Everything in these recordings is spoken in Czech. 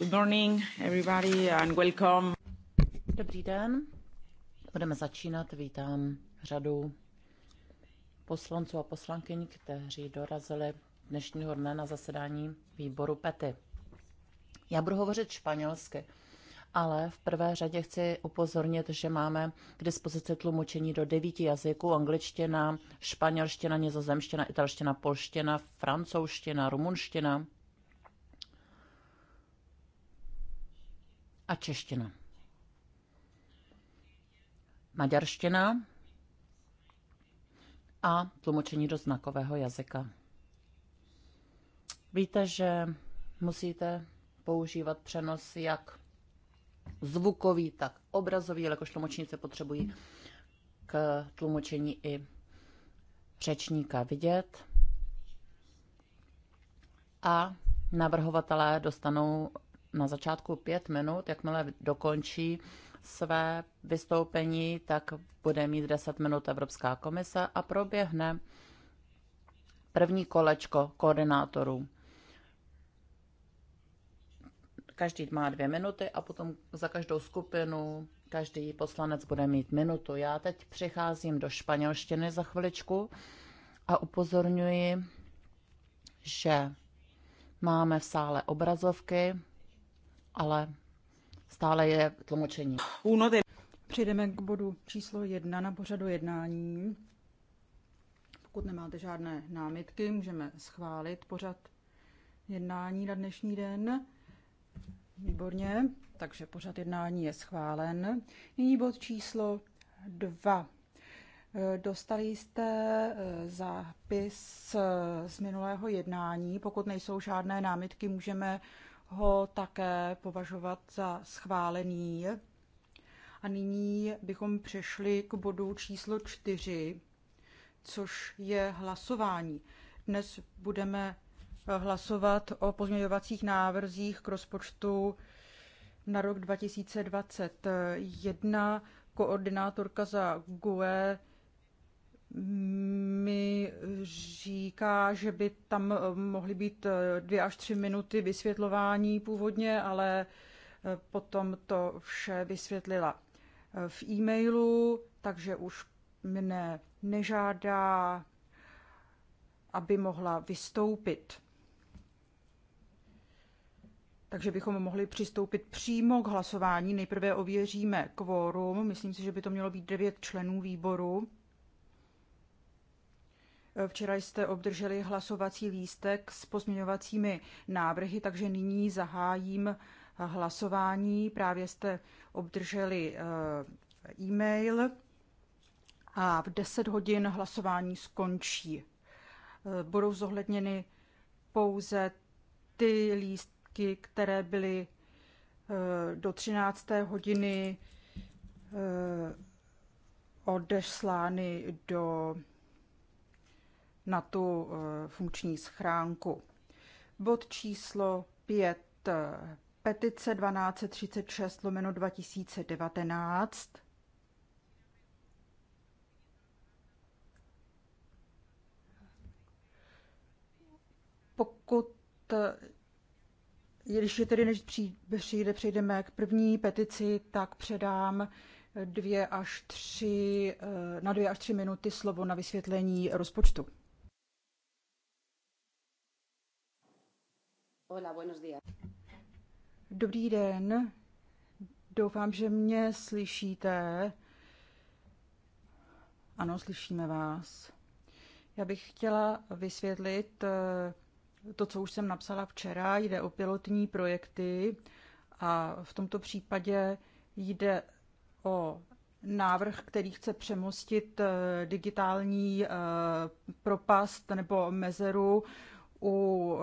Good morning, everybody, and welcome. Dobrý den. Budeme začínat. Vítám řadu poslanců a poslankyň, kteří dorazili dnešního dne na zasedání výboru PETY. Já budu hovořit španělsky, ale v prvé řadě chci upozornit, že máme k dispozici tlumočení do devíti jazyků. Angličtina, španělština, nizozemština, italština, polština, francouzština, rumunština – a čeština. Maďarština a tlumočení do znakového jazyka. Víte, že musíte používat přenos jak zvukový, tak obrazový, jakož tlumočníci potřebují k tlumočení i řečníka vidět. A navrhovatelé dostanou na začátku pět minut, jakmile dokončí své vystoupení, tak bude mít 10 minut Evropská komise a proběhne první kolečko koordinátorů. Každý má dvě minuty a potom za každou skupinu každý poslanec bude mít minutu. Já teď přicházím do španělštiny za chviličku a upozorňuji, že máme v sále obrazovky, ale stále je tlumočení. Přejdeme k bodu číslo jedna na pořadu jednání. Pokud nemáte žádné námitky, můžeme schválit pořad jednání na dnešní den. Výborně, takže pořad jednání je schválen. Nyní bod číslo dva. Dostali jste eh, zápis eh, z minulého jednání. Pokud nejsou žádné námitky, můžeme ho také považovat za schválený. A nyní bychom přešli k bodu číslo čtyři, což je hlasování. Dnes budeme hlasovat o pozměňovacích návrzích k rozpočtu na rok 2021. Koordinátorka za GUE mi říká, že by tam eh, mohly být eh, dvě až tři minuty vysvětlování původně, ale eh, potom to vše vysvětlila v e-mailu, takže už mne nežádá, aby mohla vystoupit. Takže bychom mohli přistoupit přímo k hlasování. Nejprve ověříme kvórum. Myslím si, že by to mělo být devět členů výboru. Včera jste obdrželi hlasovací lístek s pozměňovacími návrhy, takže nyní zahájím hlasování. Právě jste obdrželi eh, e-mail a v 10 hodin hlasování skončí. Eh, budou zohledněny pouze ty lístky, které byly eh, do 13. hodiny odeslány do na tu eh, funkční schránku. Bod číslo 5. Eh, petice 1236 lomeno 2019. Pokud eh, když je tedy, než přijde, přejdeme k první petici, tak předám dvě až tři, na dvě až tři minuty slovo na vysvětlení rozpočtu. Hola, buenos días. Dobrý den. Doufám, že mě slyšíte. Ano, slyšíme vás. Já bych chtěla vysvětlit eh, to, co už jsem napsala včera. Jde o pilotní projekty a v tomto případě jde o návrh, který chce přemostit eh, digitální eh, propast nebo mezeru u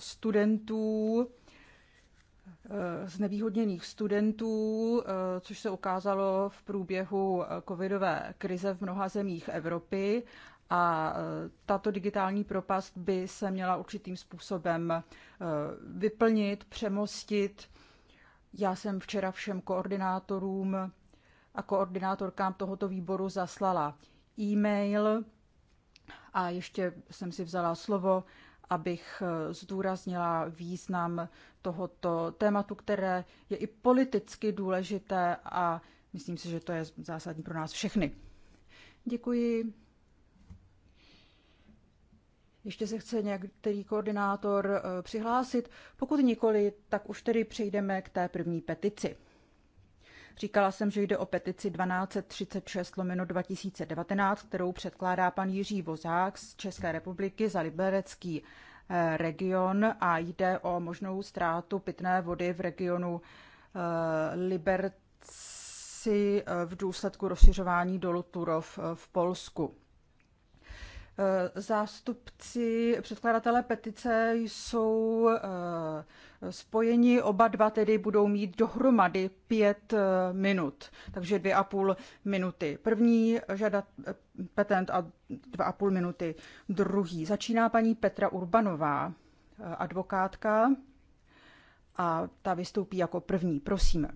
studentů, eh, znevýhodněných studentů, eh, což se ukázalo v průběhu eh, covidové krize v mnoha zemích Evropy. A tato digitální propast by se měla určitým způsobem vyplnit, přemostit. Já jsem včera všem koordinátorům a koordinátorkám tohoto výboru zaslala e-mail a ještě jsem si vzala slovo abych eh, zdůraznila význam tohoto tématu, které je i politicky důležité a myslím si, že to je zásadní pro nás všechny. Děkuji. Ještě se chce některý koordinátor eh, přihlásit. Pokud nikoli, tak už tedy přejdeme k té první petici. Říkala jsem, že jde o petici 1236 lomeno 2019, kterou předkládá pan Jiří Vozák z České republiky za liberecký eh, region a jde o možnou ztrátu pitné vody v regionu eh, Liberci eh, v důsledku rozšiřování dolu Turov v Polsku. Eh, zástupci předkladatele petice jsou eh, spojeni, oba dva tedy budou mít dohromady pět eh, minut, takže dvě a půl minuty. První žádat petent a dva a půl minuty druhý. Začíná paní Petra Urbanová, advokátka, a ta vystoupí jako první. Prosím.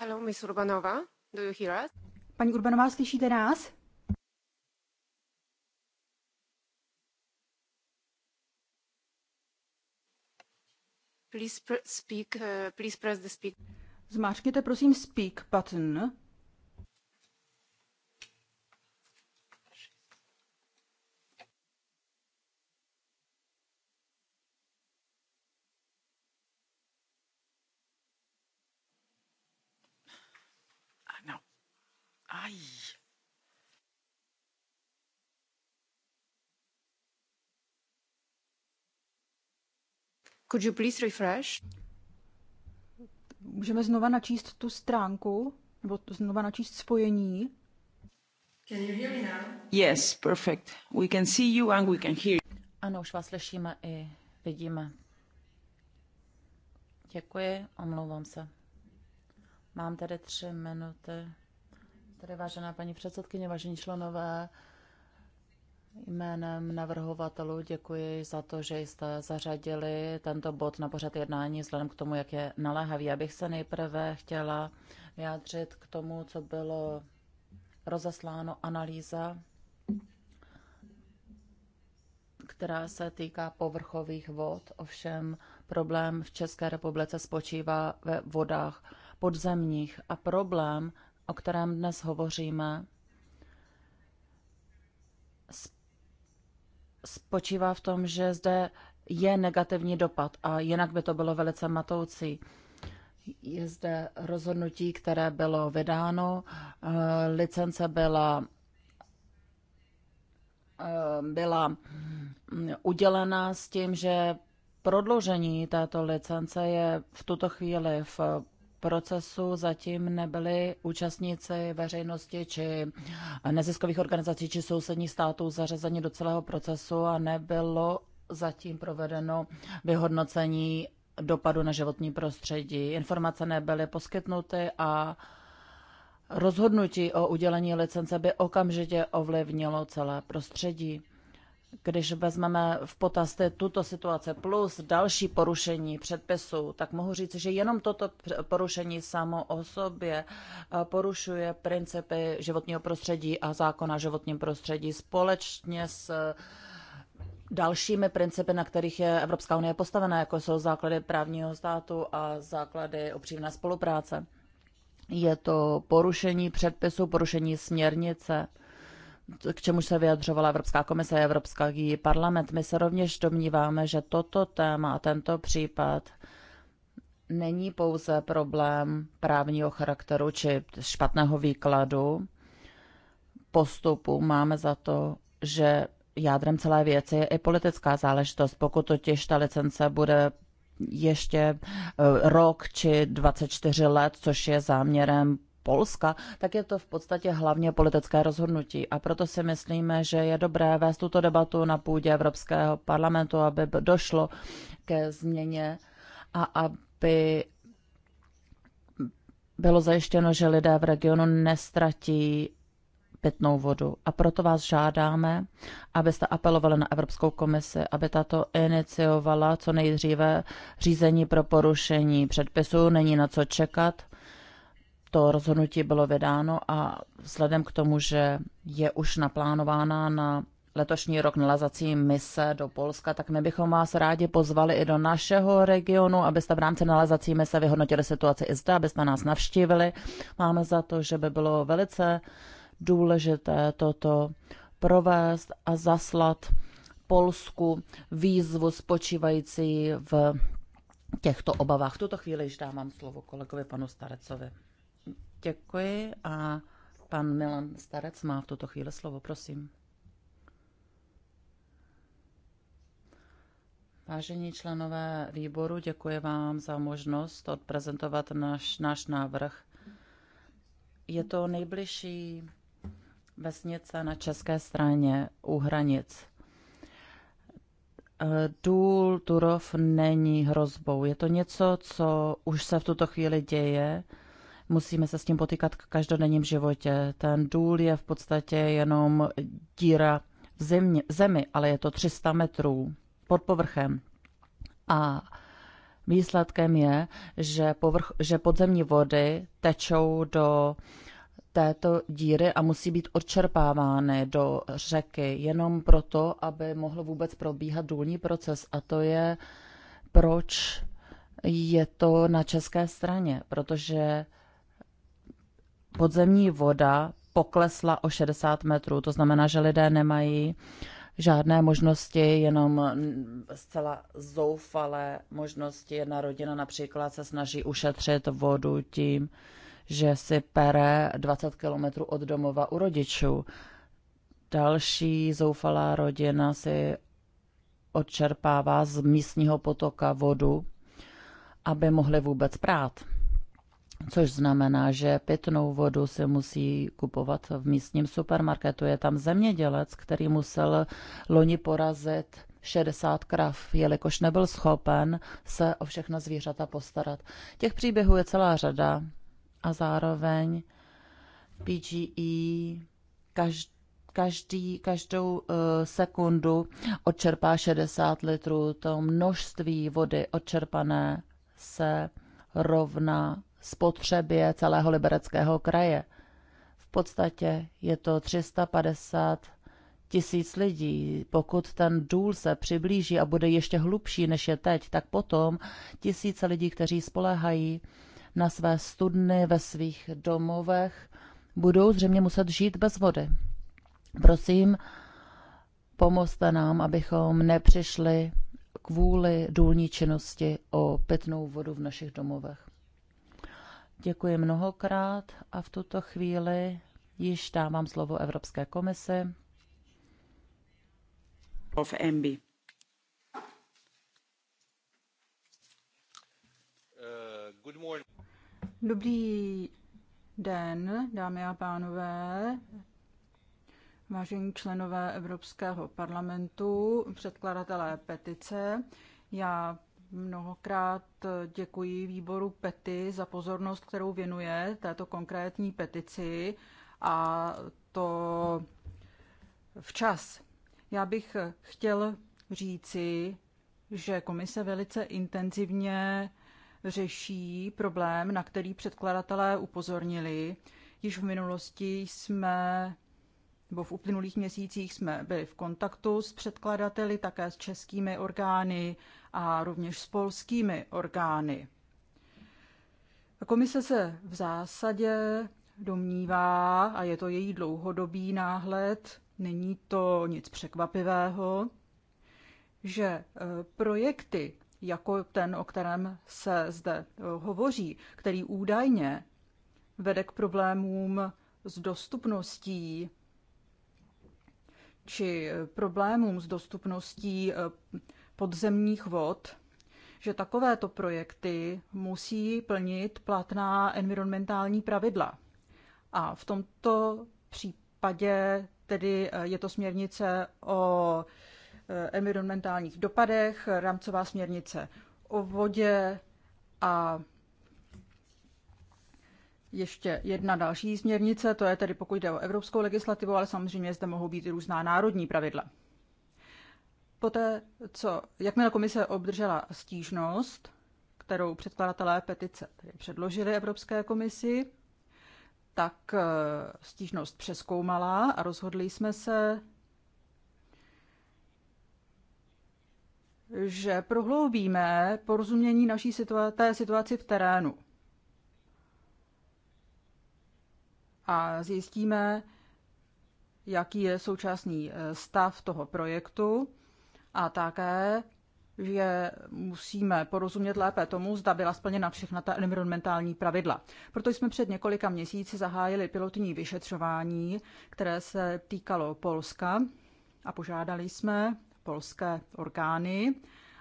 Hello, Miss Urbanova. Do you hear us? Paní Urbanová, slyšíte nás? Please speak, uh, please press the speak. Zmáčkněte prosím speak button. Could you please refresh? Můžeme znova načíst tu stránku, nebo znova načíst spojení. Can you hear me now? Yes, perfect. We can see you and we can hear you. Ano, už vás slyšíme i vidíme. Děkuji, omlouvám se. Mám tady tři minuty. Tady vážená paní předsedkyně, vážení členové Jménem navrhovatelů děkuji za to, že jste zařadili tento bod na pořad jednání vzhledem k tomu, jak je naléhavý. Já bych se nejprve chtěla vyjádřit k tomu, co bylo rozesláno analýza, která se týká povrchových vod. Ovšem problém v České republice spočívá ve vodách podzemních a problém, o kterém dnes hovoříme, spočívá v tom, že zde je negativní dopad a jinak by to bylo velice matoucí. Je zde rozhodnutí, které bylo vydáno, eh, licence byla eh, byla mm, udělena s tím, že prodloužení této licence je v tuto chvíli v procesu zatím nebyli účastníci veřejnosti či neziskových organizací či sousedních států zařazeni do celého procesu a nebylo zatím provedeno vyhodnocení dopadu na životní prostředí. Informace nebyly poskytnuty a rozhodnutí o udělení licence by okamžitě ovlivnilo celé prostředí když vezmeme v potaz tuto situaci plus další porušení předpisů, tak mohu říct, že jenom toto porušení samo o sobě eh, porušuje principy životního prostředí a zákona životním prostředí společně s eh, dalšími principy, na kterých je Evropská unie postavena, jako jsou základy právního státu a základy upřímné spolupráce. Je to porušení předpisu, porušení směrnice k čemu se vyjadřovala Evropská komise a Evropský parlament. My se rovněž domníváme, že toto téma a tento případ není pouze problém právního charakteru či špatného výkladu postupu. Máme za to, že jádrem celé věci je i politická záležitost. Pokud totiž ta licence bude ještě eh, rok či 24 let, což je záměrem Polska, tak je to v podstatě hlavně politické rozhodnutí. A proto si myslíme, že je dobré vést tuto debatu na půdě Evropského parlamentu, aby došlo ke změně a aby bylo zajištěno, že lidé v regionu nestratí pitnou vodu. A proto vás žádáme, abyste apelovali na Evropskou komisi, aby tato iniciovala co nejdříve řízení pro porušení předpisů. Není na co čekat to rozhodnutí bylo vydáno a vzhledem k tomu, že je už naplánována na letošní rok nalazací mise do Polska, tak my bychom vás rádi pozvali i do našeho regionu, abyste v rámci nalazací mise vyhodnotili situaci i zde, abyste nás navštívili. Máme za to, že by bylo velice důležité toto provést a zaslat Polsku výzvu spočívající v těchto obavách. V tuto chvíli již dávám slovo kolegovi panu Starecovi. Děkuji a pan Milan Starec má v tuto chvíli slovo, prosím. Vážení členové výboru, děkuji vám za možnost odprezentovat náš, náš návrh. Je to nejbližší vesnice na české straně u hranic. Důl Turov není hrozbou. Je to něco, co už se v tuto chvíli děje musíme se s tím potýkat v každodenním životě. Ten důl je v podstatě jenom díra v zemi, zemi ale je to 300 metrů pod povrchem. A výsledkem je, že, povrch, že podzemní vody tečou do této díry a musí být odčerpávány do řeky jenom proto, aby mohl vůbec probíhat důlní proces. A to je, proč je to na české straně, protože podzemní voda poklesla o 60 metrů. To znamená, že lidé nemají žádné možnosti, jenom zcela zoufalé možnosti. Jedna rodina například se snaží ušetřit vodu tím, že si pere 20 kilometrů od domova u rodičů. Další zoufalá rodina si odčerpává z místního potoka vodu, aby mohli vůbec prát což znamená, že pitnou vodu se musí kupovat v místním supermarketu. Je tam zemědělec, který musel loni porazit 60 krav, jelikož nebyl schopen se o všechna zvířata postarat. Těch příběhů je celá řada a zároveň PGE každý každý, každou uh, sekundu odčerpá 60 litrů. To množství vody odčerpané se rovná spotřebě celého libereckého kraje. V podstatě je to 350 tisíc lidí. Pokud ten důl se přiblíží a bude ještě hlubší, než je teď, tak potom tisíce lidí, kteří spolehají na své studny ve svých domovech, budou zřejmě muset žít bez vody. Prosím, pomozte nám, abychom nepřišli kvůli důlní činnosti o pitnou vodu v našich domovech. Děkuji mnohokrát a v tuto chvíli již dávám slovo Evropské komise. Of MB. Eh, Dobrý den, dámy a pánové, vážení členové Evropského parlamentu, předkladatelé petice. Já Mnohokrát děkuji výboru PETY za pozornost, kterou věnuje této konkrétní petici a to včas. Já bych chtěl říci, že komise velice intenzivně řeší problém, na který předkladatelé upozornili. Již v minulosti jsme, nebo v uplynulých měsících jsme byli v kontaktu s předkladateli, také s českými orgány a rovněž s polskými orgány. Komise se v zásadě domnívá, a je to její dlouhodobý náhled, není to nic překvapivého, že e, projekty jako ten, o kterém se zde e, hovoří, který údajně vede k problémům s dostupností či e, problémům s dostupností podzemních vod, že takovéto projekty musí plnit platná environmentální pravidla. A v tomto případě tedy eh, je to směrnice o eh, environmentálních dopadech, rámcová směrnice o vodě a ještě jedna další směrnice, to je tedy pokud jde o evropskou legislativu, ale samozřejmě zde mohou být i různá národní pravidla. Poté, co, jakmile komise obdržela stížnost, kterou předkladatelé petice tedy předložili Evropské komisi, tak eh, stížnost přeskoumala a rozhodli jsme se, že prohloubíme porozumění naší situa- té situaci v terénu. A zjistíme, jaký je současný eh, stav toho projektu a také, že musíme porozumět lépe tomu, zda byla splněna všechna ta environmentální pravidla. Proto jsme před několika měsíci zahájili pilotní vyšetřování, které se týkalo Polska a požádali jsme polské orgány,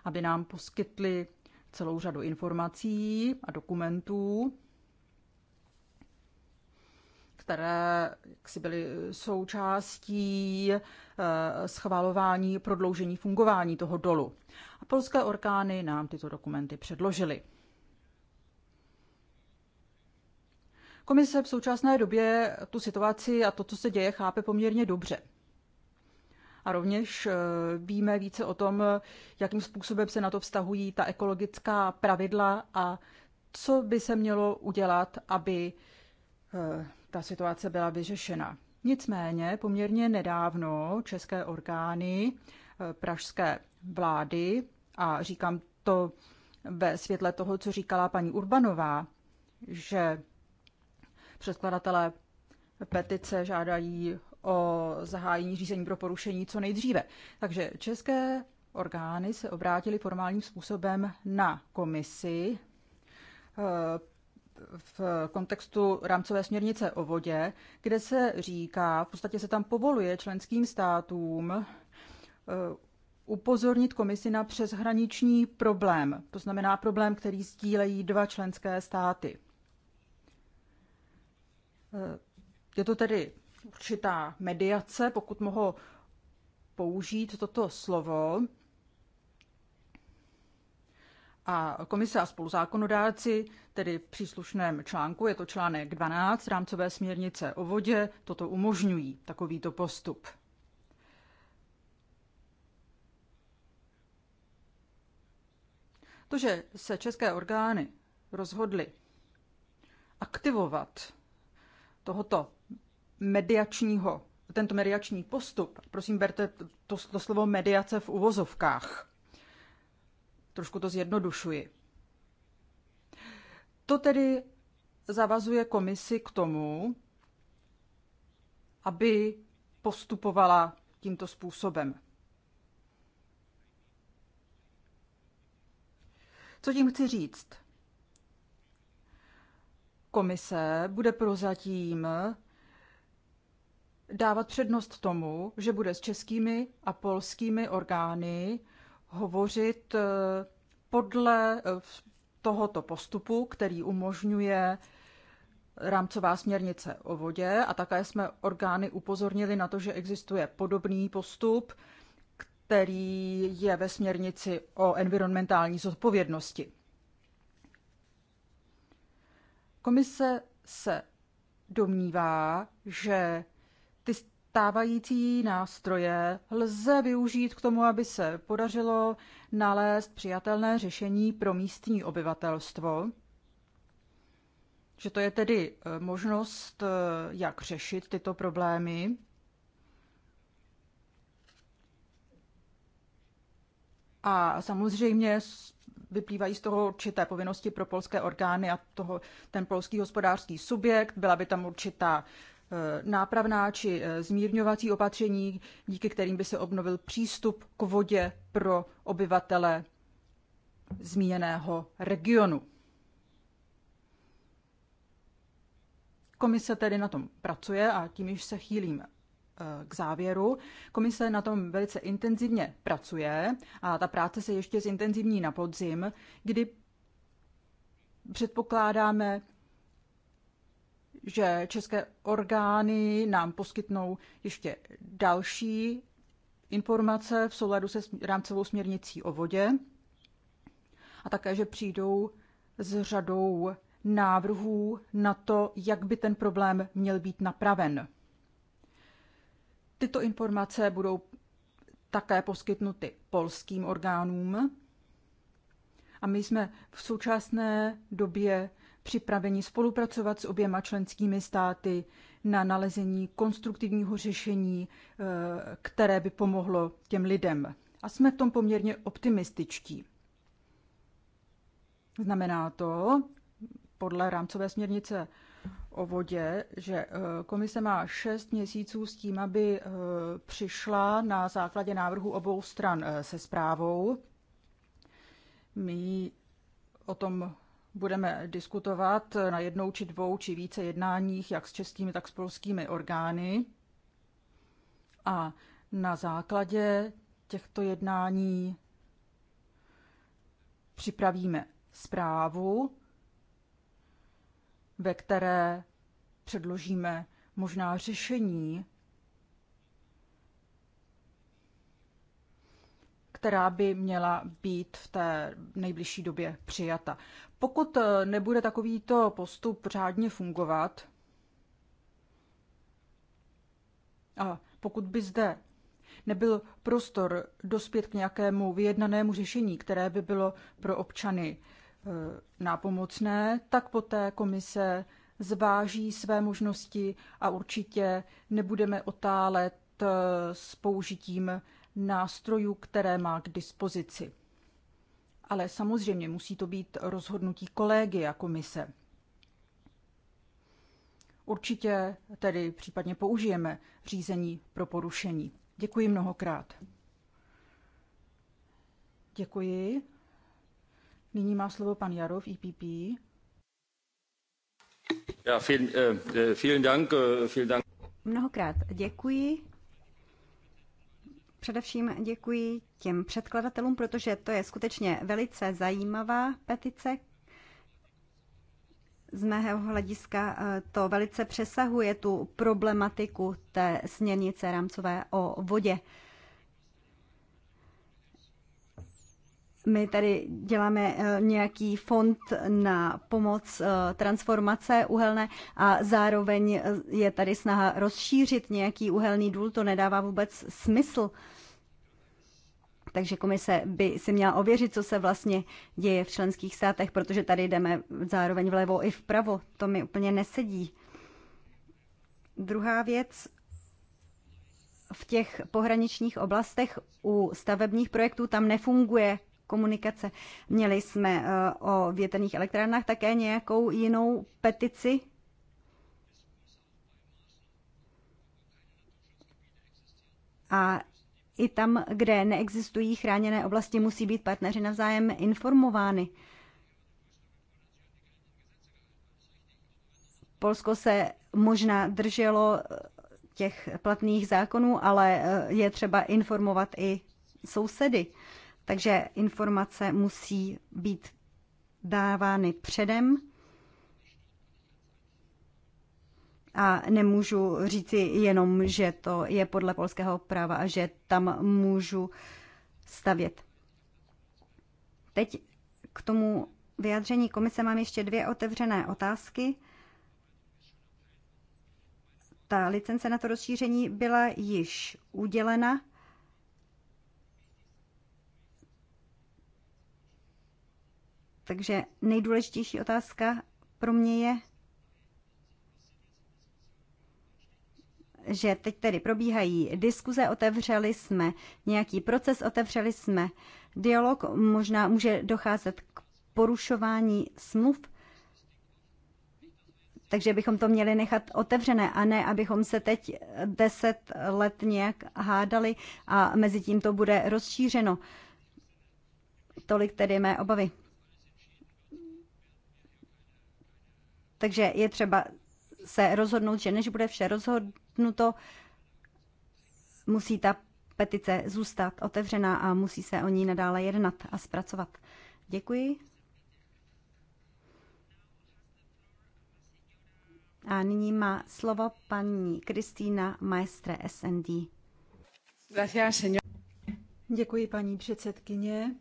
aby nám poskytly celou řadu informací a dokumentů které si byly součástí eh, schvalování prodloužení fungování toho dolu. A polské orgány nám tyto dokumenty předložily. Komise v současné době tu situaci a to, co se děje, chápe poměrně dobře. A rovněž eh, víme více o tom, jakým způsobem se na to vztahují ta ekologická pravidla a co by se mělo udělat, aby eh, ta situace byla vyřešena. Nicméně poměrně nedávno české orgány eh, pražské vlády, a říkám to ve světle toho, co říkala paní Urbanová, že předkladatelé petice žádají o zahájení řízení pro porušení co nejdříve. Takže české orgány se obrátily formálním způsobem na komisi eh, v kontextu rámcové směrnice o vodě, kde se říká, v podstatě se tam povoluje členským státům eh, upozornit komisi na přeshraniční problém, to znamená problém, který sdílejí dva členské státy. Eh, je to tedy určitá mediace, pokud mohu použít toto slovo, a komise a spoluzákonodáci, tedy v příslušném článku, je to článek 12 rámcové směrnice o vodě, toto umožňují, takovýto postup. To, že se české orgány rozhodly aktivovat tohoto mediačního, tento mediační postup, prosím, berte to, to slovo mediace v uvozovkách, Trošku to zjednodušuji. To tedy zavazuje komisi k tomu, aby postupovala tímto způsobem. Co tím chci říct? Komise bude prozatím dávat přednost tomu, že bude s českými a polskými orgány hovořit eh, podle eh, tohoto postupu, který umožňuje rámcová směrnice o vodě a také jsme orgány upozornili na to, že existuje podobný postup, který je ve směrnici o environmentální zodpovědnosti. Komise se domnívá, že stávající nástroje lze využít k tomu, aby se podařilo nalézt přijatelné řešení pro místní obyvatelstvo. Že to je tedy e, možnost, e, jak řešit tyto problémy. A samozřejmě vyplývají z toho určité povinnosti pro polské orgány a toho, ten polský hospodářský subjekt. Byla by tam určitá Eh, nápravná či eh, zmírňovací opatření, díky kterým by se obnovil přístup k vodě pro obyvatele zmíněného regionu. Komise tedy na tom pracuje a tím již se chýlím eh, k závěru. Komise na tom velice intenzivně pracuje a ta práce se ještě zintenzivní na podzim, kdy předpokládáme že české orgány nám poskytnou ještě další informace v souladu se rámcovou směrnicí o vodě a také, že přijdou s řadou návrhů na to, jak by ten problém měl být napraven. Tyto informace budou také poskytnuty polským orgánům. A my jsme v současné době připraveni spolupracovat s oběma členskými státy na nalezení konstruktivního řešení, eh, které by pomohlo těm lidem. A jsme v tom poměrně optimističtí. Znamená to, podle rámcové směrnice o vodě, že eh, komise má šest měsíců s tím, aby eh, přišla na základě návrhu obou stran se zprávou. My o tom budeme diskutovat na jednou či dvou či více jednáních, jak s českými, tak s polskými orgány. A na základě těchto jednání připravíme zprávu, ve které předložíme možná řešení která by měla být v té nejbližší době přijata. Pokud eh, nebude takovýto postup řádně fungovat, a pokud by zde nebyl prostor dospět k nějakému vyjednanému řešení, které by bylo pro občany eh, nápomocné, tak poté komise zváží své možnosti a určitě nebudeme otálet eh, s použitím nástrojů, které má k dispozici. Ale samozřejmě musí to být rozhodnutí kolegy a komise. Určitě tedy případně použijeme řízení pro porušení. Děkuji mnohokrát. Děkuji. Nyní má slovo pan Jarov, IPP. Ja, vielen, äh, äh, vielen Dank, äh, vielen Dank. Mnohokrát děkuji. Především děkuji těm předkladatelům, protože to je skutečně velice zajímavá petice. Z mého hlediska eh, to velice přesahuje tu problematiku té směrnice rámcové o vodě. My tady děláme eh, nějaký fond na pomoc eh, transformace uhelné a zároveň je tady snaha rozšířit nějaký uhelný důl. To nedává vůbec smysl. Takže komise by si měla ověřit, co se vlastně děje v členských státech, protože tady jdeme zároveň vlevo i vpravo. To mi úplně nesedí. Druhá věc, v těch pohraničních oblastech u stavebních projektů tam nefunguje komunikace. Měli jsme eh, o větrných elektrárnách také nějakou jinou petici. A i tam, kde neexistují chráněné oblasti, musí být partneři navzájem informovány. Polsko se možná drželo eh, těch platných zákonů, ale eh, je třeba informovat i sousedy. Takže informace musí být dávány předem a nemůžu říci jenom, že to je podle polského práva a že tam můžu stavět. Teď k tomu vyjádření komise mám ještě dvě otevřené otázky. Ta licence na to rozšíření byla již udělena. Takže nejdůležitější otázka pro mě je, že teď tedy probíhají diskuze, otevřeli jsme nějaký proces, otevřeli jsme dialog, možná může docházet k porušování smluv, takže bychom to měli nechat otevřené a ne, abychom se teď deset let nějak hádali a mezi tím to bude rozšířeno. Tolik tedy mé obavy. Takže je třeba se rozhodnout, že než bude vše rozhodnout, zamítnuto. Musí ta petice zůstat otevřená a musí se o ní nadále jednat a zpracovat. Děkuji. A nyní má slovo paní Kristýna Maestre SND. Děkuji, paní předsedkyně.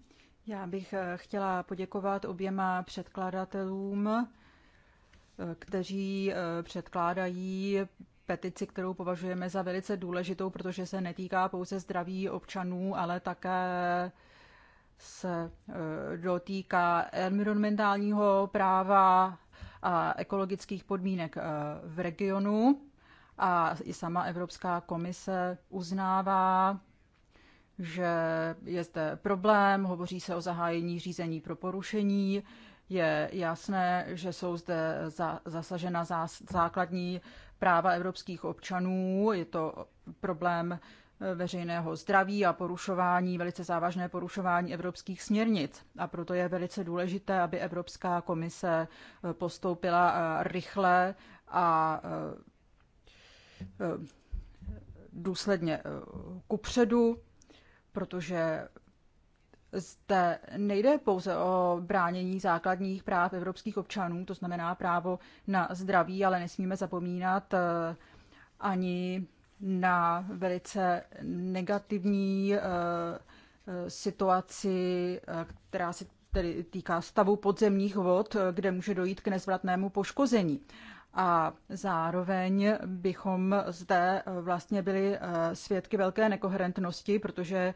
Já bych eh, chtěla poděkovat oběma předkladatelům, eh, kteří eh, předkládají petici, kterou považujeme za velice důležitou, protože se netýká pouze zdraví občanů, ale také se eh, dotýká environmentálního práva a ekologických podmínek eh, v regionu. A i sama Evropská komise uznává, že je zde problém, hovoří se o zahájení řízení pro porušení. Je jasné, že jsou zde za, zasažena základní práva evropských občanů. Je to problém eh, veřejného zdraví a porušování, velice závažné porušování evropských směrnic. A proto je velice důležité, aby Evropská komise eh, postoupila eh, rychle a důsledně kupředu, protože zde nejde pouze o bránění základních práv evropských občanů, to znamená právo na zdraví, ale nesmíme zapomínat eh, ani na velice negativní eh, eh, situaci, která se tedy týká stavu podzemních vod, kde může dojít k nezvratnému poškození. A zároveň bychom zde vlastně byli svědky velké nekoherentnosti, protože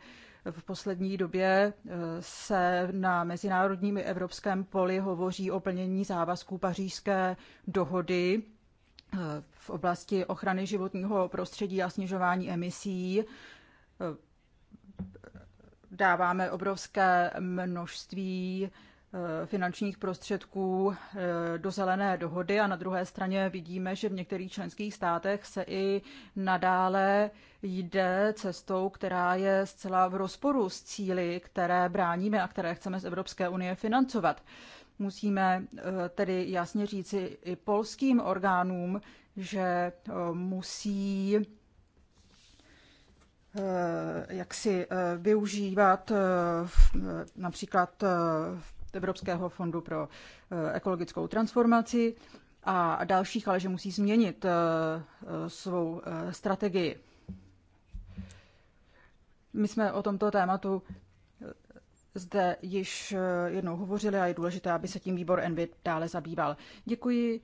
v poslední době eh, se na mezinárodním i evropském poli hovoří o plnění závazků pařížské dohody eh, v oblasti ochrany životního prostředí a snižování emisí. Eh, dáváme obrovské množství Eh, finančních prostředků eh, do zelené dohody a na druhé straně vidíme, že v některých členských státech se i nadále jde cestou, která je zcela v rozporu s cíly, které bráníme a které chceme z Evropské unie financovat. Musíme eh, tedy jasně říci i polským orgánům, že musí jak si využívat například Evropského fondu pro eh, ekologickou transformaci a dalších, ale že musí změnit eh, eh, svou strategii. My jsme o tomto tématu zde již jednou hovořili a je důležité, aby se tím výbor Envy dále zabýval. Děkuji.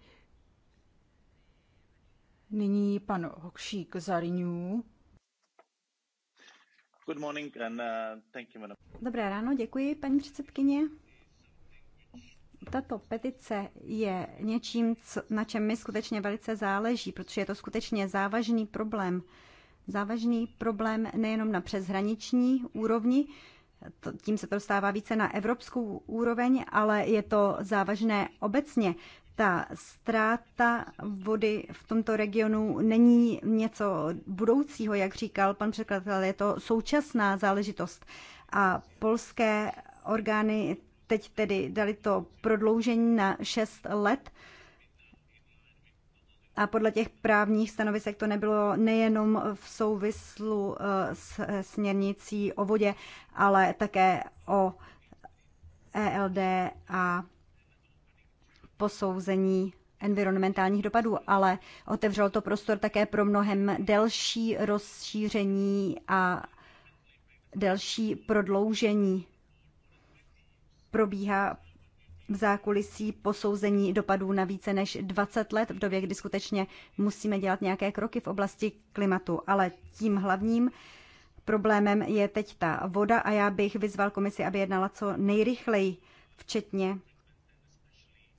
Nyní pan Hokšík za Renew. Good morning and, uh, thank you, madam. Dobré ráno, děkuji, paní předsedkyně tato petice je něčím, co, na čem mi skutečně velice záleží, protože je to skutečně závažný problém. Závažný problém nejenom na přeshraniční úrovni, to, tím se to dostává více na evropskou úroveň, ale je to závažné obecně. Ta ztráta vody v tomto regionu není něco budoucího, jak říkal pan překladatel, je to současná záležitost. A polské orgány teď tedy dali to prodloužení na 6 let. A podle těch právních stanovisek to nebylo nejenom v souvislu eh, s eh, směrnicí o vodě, ale také o ELD a posouzení environmentálních dopadů, ale otevřelo to prostor také pro mnohem delší rozšíření a delší prodloužení probíhá v zákulisí posouzení dopadů na více než 20 let, v době, kdy skutečně musíme dělat nějaké kroky v oblasti klimatu. Ale tím hlavním problémem je teď ta voda a já bych vyzval komisi, aby jednala co nejrychleji, včetně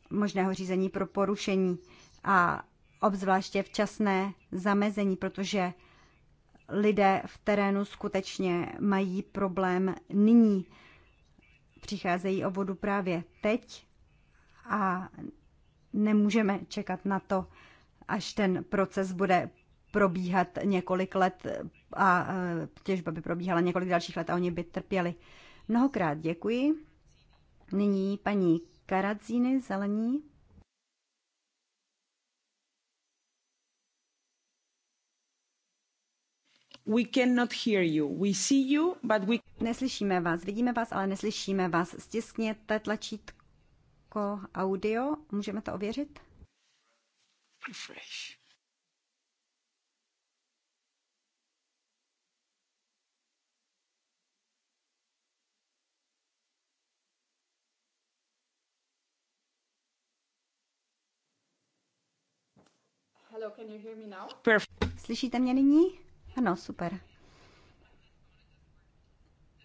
možného řízení pro porušení a obzvláště včasné zamezení, protože lidé v terénu skutečně mají problém nyní přicházejí o vodu právě teď a nemůžeme čekat na to, až ten proces bude probíhat několik let a e, těžba by probíhala několik dalších let a oni by trpěli. Mnohokrát děkuji. Nyní paní Karadzíny Zelení. We cannot hear you. We see you, but we... Neslyšíme vás, vidíme vás, ale neslyšíme vás. Stiskněte tlačítko audio, můžeme to ověřit? Refresh. Hello, can you hear me now? Perfect. Slyšíte mě nyní? Ano, super.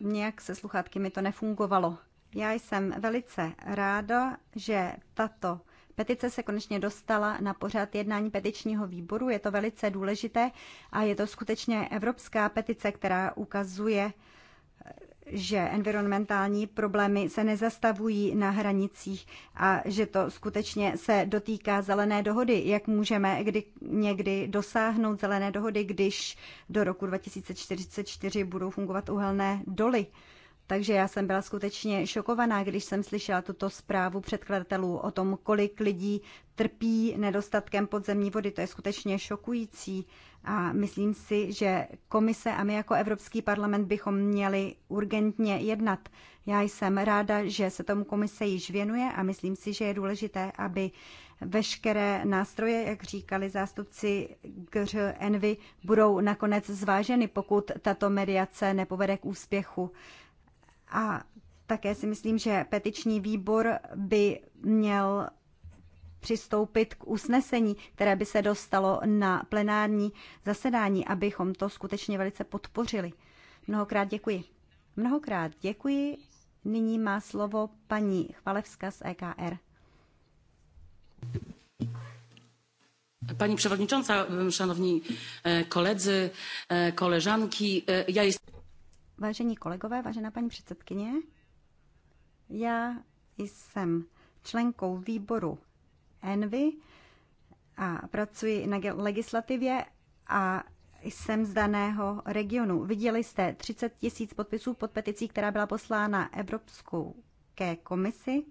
Nějak se sluchátky mi to nefungovalo. Já jsem velice ráda, že tato petice se konečně dostala na pořad jednání petičního výboru. Je to velice důležité a je to skutečně evropská petice, která ukazuje že environmentální problémy se nezastavují na hranicích a že to skutečně se dotýká zelené dohody. Jak můžeme kdy, někdy dosáhnout zelené dohody, když do roku 2044 budou fungovat uhelné doly? Takže já jsem byla skutečně šokovaná, když jsem slyšela tuto zprávu předkladatelů o tom, kolik lidí trpí nedostatkem podzemní vody. To je skutečně šokující a myslím si, že komise a my jako Evropský parlament bychom měli urgentně jednat. Já jsem ráda, že se tomu komise již věnuje a myslím si, že je důležité, aby veškeré nástroje, jak říkali zástupci GŘ Envy, budou nakonec zváženy, pokud tato mediace nepovede k úspěchu. A také si myslím, že petiční výbor by měl přistoupit k usnesení, které by se dostalo na plenární zasedání, abychom to skutečně velice podpořili. Mnohokrát děkuji. Mnohokrát děkuji. Nyní má slovo paní Chvalevská z EKR. Pani przewodnicząca, szanowni e, koledzy, e, koleżanki, e, ja jestem. Vážení kolegové, vážená paní předsedkyně, já jsem členkou výboru ENVY a pracuji na legislativě a jsem z daného regionu. Viděli jste 30 tisíc podpisů pod peticí, která byla poslána Evropskou ke komisi.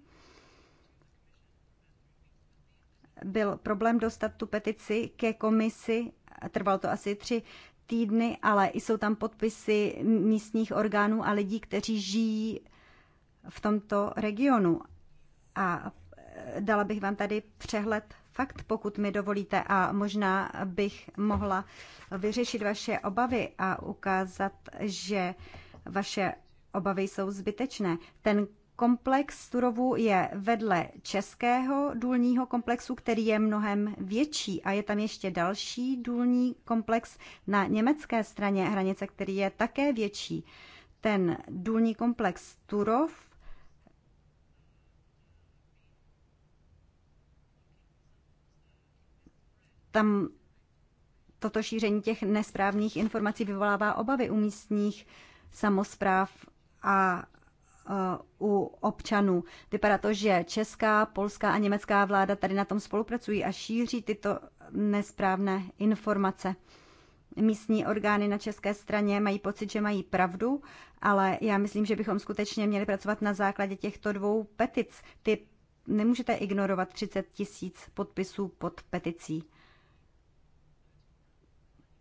Byl problém dostat tu petici ke komisi, Trvalo to asi tři týdny, ale jsou tam podpisy místních orgánů a lidí, kteří žijí v tomto regionu. A e, dala bych vám tady přehled fakt, pokud mi dovolíte, a možná bych mohla vyřešit vaše obavy a ukázat, že vaše obavy jsou zbytečné. Ten Komplex Turovu je vedle českého důlního komplexu, který je mnohem větší a je tam ještě další důlní komplex na německé straně hranice, který je také větší. Ten důlní komplex Turov tam toto šíření těch nesprávných informací vyvolává obavy u místních samozpráv a u občanů. Vypadá to, že česká, polská a německá vláda tady na tom spolupracují a šíří tyto nesprávné informace. Místní orgány na české straně mají pocit, že mají pravdu, ale já myslím, že bychom skutečně měli pracovat na základě těchto dvou petic. Ty nemůžete ignorovat 30 tisíc podpisů pod peticí.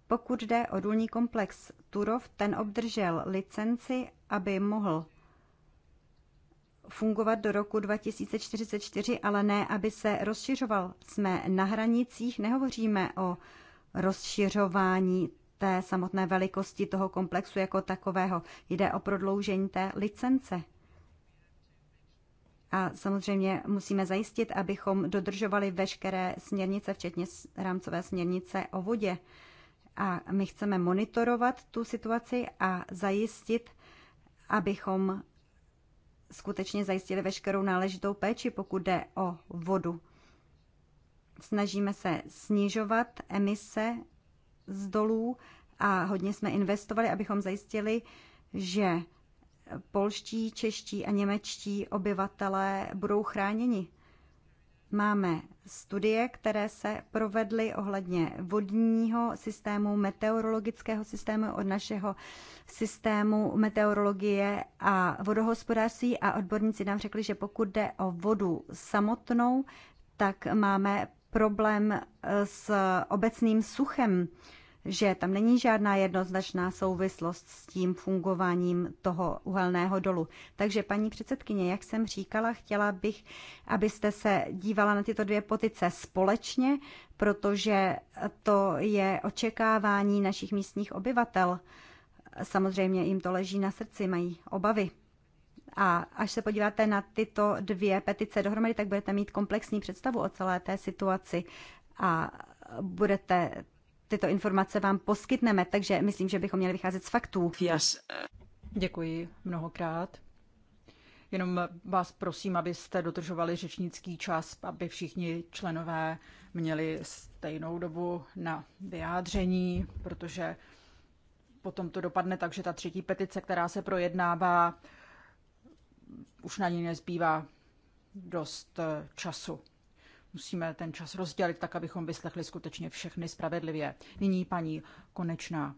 Pokud jde o důlní komplex Turov, ten obdržel licenci, aby mohl fungovat do roku 2044, ale ne, aby se rozšiřoval. Jsme na hranicích, nehovoříme o rozšiřování té samotné velikosti toho komplexu jako takového. Jde o prodloužení té licence. A samozřejmě musíme zajistit, abychom dodržovali veškeré směrnice, včetně rámcové směrnice o vodě. A my chceme monitorovat tu situaci a zajistit, abychom skutečně zajistili veškerou náležitou péči, pokud jde o vodu. Snažíme se snižovat emise z dolů a hodně jsme investovali, abychom zajistili, že polští, čeští a němečtí obyvatelé budou chráněni Máme studie, které se provedly ohledně vodního systému, meteorologického systému od našeho systému meteorologie a vodohospodářství a odborníci nám řekli, že pokud jde o vodu samotnou, tak máme problém s obecným suchem že tam není žádná jednoznačná souvislost s tím fungováním toho uhelného dolu. Takže paní předsedkyně, jak jsem říkala, chtěla bych, abyste se dívala na tyto dvě potice společně, protože to je očekávání našich místních obyvatel. Samozřejmě jim to leží na srdci, mají obavy. A až se podíváte na tyto dvě petice dohromady, tak budete mít komplexní představu o celé té situaci a budete tyto informace vám poskytneme, takže myslím, že bychom měli vycházet z faktů. Yes. Děkuji mnohokrát. Jenom vás prosím, abyste dodržovali řečnický čas, aby všichni členové měli stejnou dobu na vyjádření, protože potom to dopadne tak, že ta třetí petice, která se projednává, už na ní nezbývá dost eh, času. Musíme ten čas rozdělit tak, abychom vyslechli skutečně všechny spravedlivě. Nyní paní Konečná.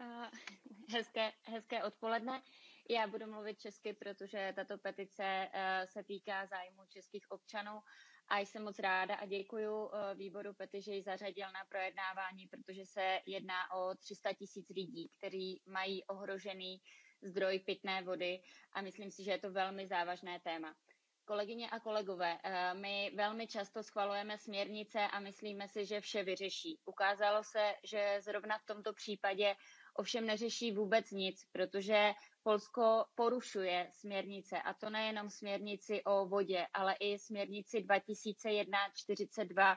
Eh, hezké, hezké odpoledne. Já budu mluvit česky, protože tato petice eh, se týká zájmu českých občanů a jsem moc ráda a děkuji eh, výboru Pety, že ji zařadil na projednávání, protože se jedná o 300 tisíc lidí, kteří mají ohrožený zdroj pitné vody a myslím si, že je to velmi závažné téma. Kolegyně a kolegové, eh, my velmi často schvalujeme směrnice a myslíme si, že vše vyřeší. Ukázalo se, že zrovna v tomto případě ovšem neřeší vůbec nic, protože Polsko porušuje směrnice, a to nejenom směrnici o vodě, ale i směrnici 2001 42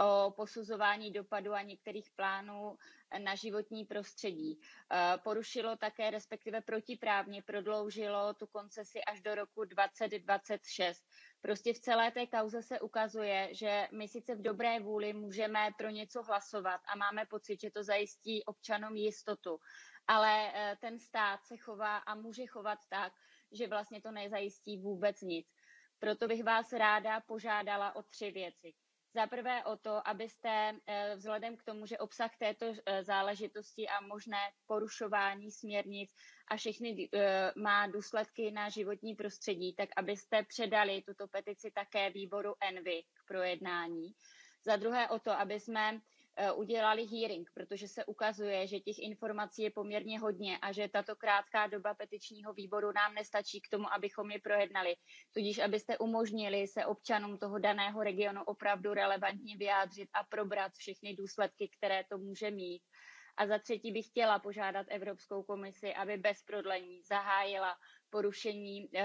o posuzování dopadu a některých plánů na životní prostředí. Eh, porušilo také, respektive protiprávně prodloužilo tu koncesi až do roku 2026. Prostě v celé té kauze se ukazuje, že my sice v dobré vůli můžeme pro něco hlasovat a máme pocit, že to zajistí občanům jistotu, ale eh, ten stát se chová a může chovat tak, že vlastně to nezajistí vůbec nic. Proto bych vás ráda požádala o tři věci za prvé o to, abyste eh, vzhledem k tomu, že obsah této eh, záležitosti a možné porušování směrnic a všechny eh, má důsledky na životní prostředí, tak abyste předali tuto petici také výboru ENVI k projednání. Za druhé o to, aby jsme Eh, udělali hearing, protože se ukazuje, že těch informací je poměrně hodně a že tato krátká doba petičního výboru nám nestačí k tomu, abychom je projednali. Tudíž, abyste umožnili se občanům toho daného regionu opravdu relevantně vyjádřit a probrat všechny důsledky, které to může mít. A za třetí bych chtěla požádat Evropskou komisi, aby bez prodlení zahájila porušení, eh,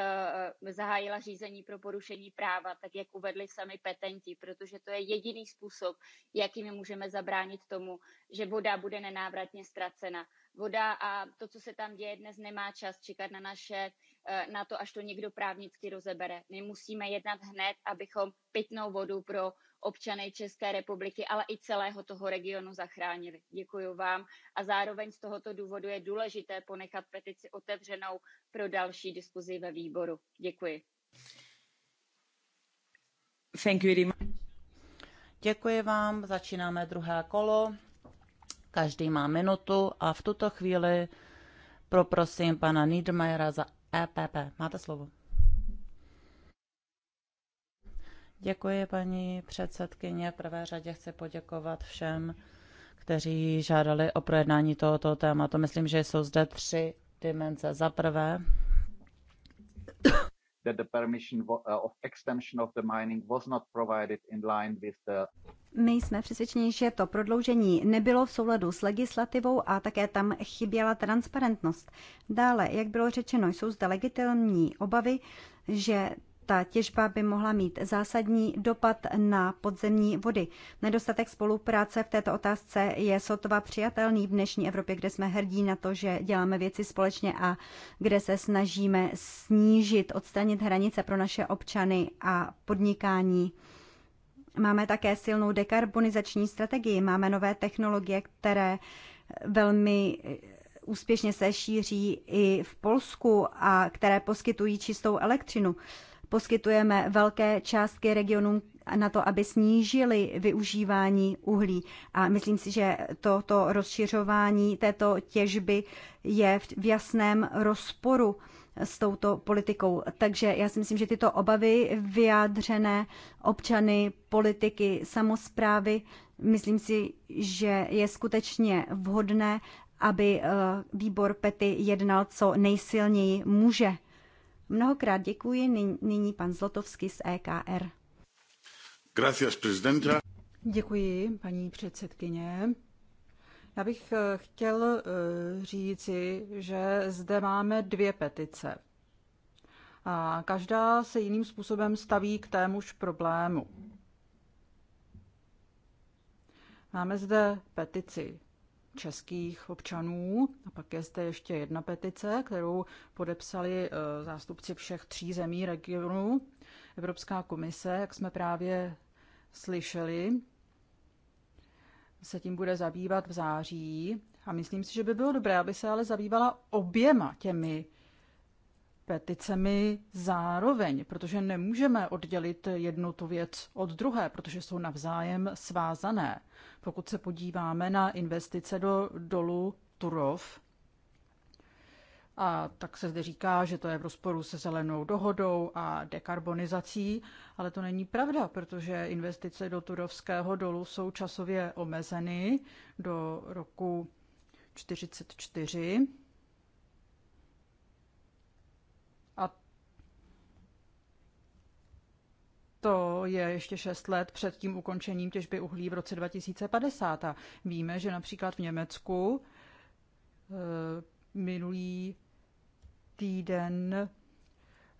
eh, zahájila řízení pro porušení práva, tak jak uvedli sami petenti, protože to je jediný způsob, jakým můžeme zabránit tomu, že voda bude nenávratně ztracena. Voda a to, co se tam děje dnes, nemá čas čekat na naše, eh, na to, až to někdo právnicky rozebere. My musíme jednat hned, abychom pitnou vodu pro občany České republiky, ale i celého toho regionu zachránili. Děkuji vám a zároveň z tohoto důvodu je důležité ponechat petici otevřenou pro další diskuzi ve výboru. Děkuji. Thank you very much. Děkuji vám, začínáme druhé kolo. Každý má minutu a v tuto chvíli poprosím pana Niedermayera za EPP. Máte slovo. Děkuji, paní předsedkyně. V prvé řadě chci poděkovat všem, kteří žádali o projednání tohoto tématu. Myslím, že jsou zde tři dimenze. Za prvé, that the permission uh, of extension of the mining was not provided in line with the my jsme přesvědčeni, že to prodloužení nebylo v souladu s legislativou a také tam chyběla transparentnost. Dále, jak bylo řečeno, jsou zde legitimní obavy, že ta těžba by mohla mít zásadní dopad na podzemní vody. Nedostatek spolupráce v této otázce je sotva přijatelný v dnešní Evropě, kde jsme hrdí na to, že děláme věci společně a kde se snažíme snížit, odstranit hranice pro naše občany a podnikání. Máme také silnou dekarbonizační strategii, máme nové technologie, které velmi eh, úspěšně se šíří i v Polsku a které poskytují čistou elektřinu. Poskytujeme velké částky regionům na to, aby snížili využívání uhlí. A myslím si, že toto rozšiřování této těžby je v jasném rozporu s touto politikou. Takže já si myslím, že tyto obavy vyjádřené občany, politiky, samozprávy, myslím si, že je skutečně vhodné, aby eh, výbor Pety jednal co nejsilněji může. Mnohokrát děkuji. Nyní pan Zlotovský z EKR. Gracias, prezidenta. Děkuji, paní předsedkyně. Já bych eh, chtěl eh, říci, že zde máme dvě petice. A každá se jiným způsobem staví k témuž problému. Máme zde petici českých občanů. A pak je zde ještě jedna petice, kterou podepsali eh, zástupci všech tří zemí regionu. Evropská komise, jak jsme právě slyšeli, se tím bude zabývat v září. A myslím si, že by bylo dobré, aby se ale zabývala oběma těmi peticemi zároveň, protože nemůžeme oddělit jednu tu věc od druhé, protože jsou navzájem svázané. Pokud se podíváme na investice do dolu Turov, a tak se zde říká, že to je v rozporu se zelenou dohodou a dekarbonizací, ale to není pravda, protože investice do Turovského dolu jsou časově omezeny do roku 44 to je ještě šest let před tím ukončením těžby uhlí v roce 2050. A víme, že například v Německu eh, minulý týden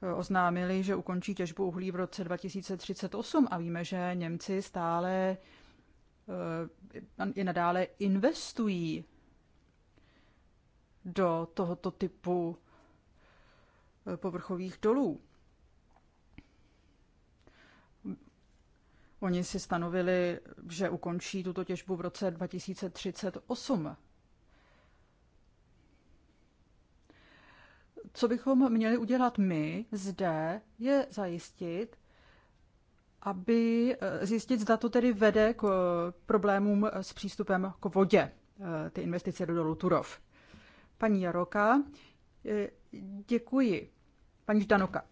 eh, oznámili, že ukončí těžbu uhlí v roce 2038 a víme, že Němci stále eh, i nadále investují do tohoto typu povrchových dolů. Oni si stanovili, že ukončí tuto těžbu v roce 2038. Co bychom měli udělat my zde, je zajistit, aby eh, zjistit, zda to tedy vede k eh, problémům s přístupem k vodě, eh, ty investice do dolu Turov. Paní Jaroka, děkuji. Paní Ždanoka.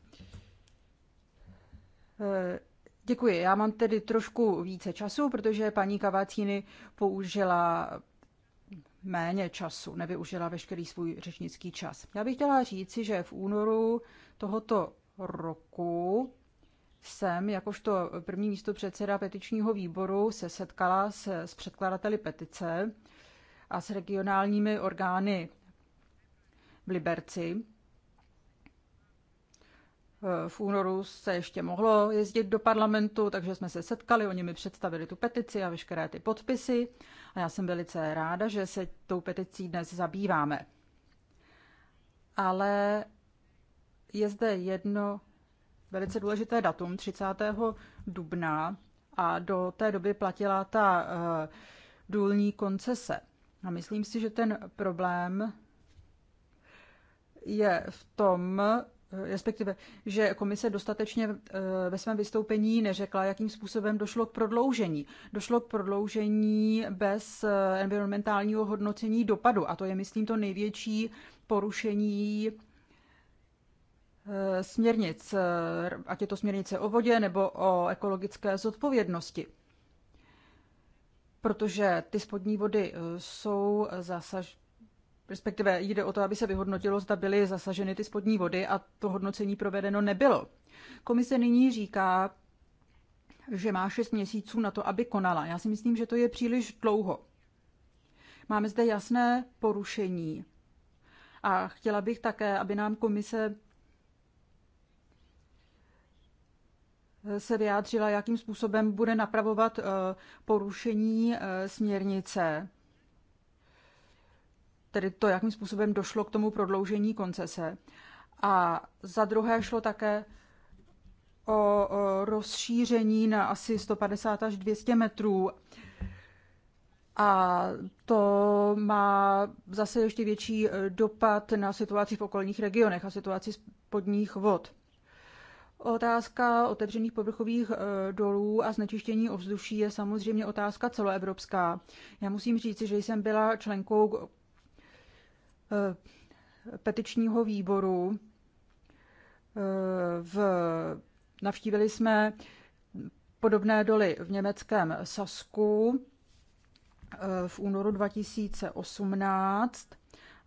Děkuji. Já mám tedy trošku více času, protože paní Kavacíny použila méně času, nevyužila veškerý svůj řečnický čas. Já bych chtěla říci, že v únoru tohoto roku jsem jakožto první místo předseda petičního výboru se setkala s, s předkladateli petice a s regionálními orgány v Liberci. Eh, v únoru se ještě mohlo jezdit do parlamentu, takže jsme se setkali, oni mi představili tu petici a veškeré ty podpisy a já jsem velice ráda, že se tou peticí dnes zabýváme. Ale je zde jedno velice důležité datum 30. dubna a do té doby platila ta uh, důlní koncese. A myslím si, že ten problém je v tom, Eh, respektive, že komise dostatečně eh, ve svém vystoupení neřekla, jakým způsobem došlo k prodloužení. Došlo k prodloužení bez eh, environmentálního hodnocení dopadu a to je, myslím, to největší porušení směrnic, ať je to směrnice o vodě nebo o ekologické zodpovědnosti. Protože ty spodní vody jsou zasaž, respektive jde o to, aby se vyhodnotilo, zda byly zasaženy ty spodní vody a to hodnocení provedeno nebylo. Komise nyní říká, že má 6 měsíců na to, aby konala. Já si myslím, že to je příliš dlouho. Máme zde jasné porušení. A chtěla bych také, aby nám komise se vyjádřila, jakým způsobem bude napravovat eh, porušení eh, směrnice tedy to, jakým způsobem došlo k tomu prodloužení koncese. A za druhé šlo také o rozšíření na asi 150 až 200 metrů. A to má zase ještě větší eh, dopad na situaci v okolních regionech a situaci spodních vod. Otázka otevřených povrchových eh, dolů a znečištění ovzduší je samozřejmě otázka celoevropská. Já musím říct, že jsem byla členkou Eh, petičního výboru. Eh, v, navštívili jsme podobné doly v německém Sasku eh, v únoru 2018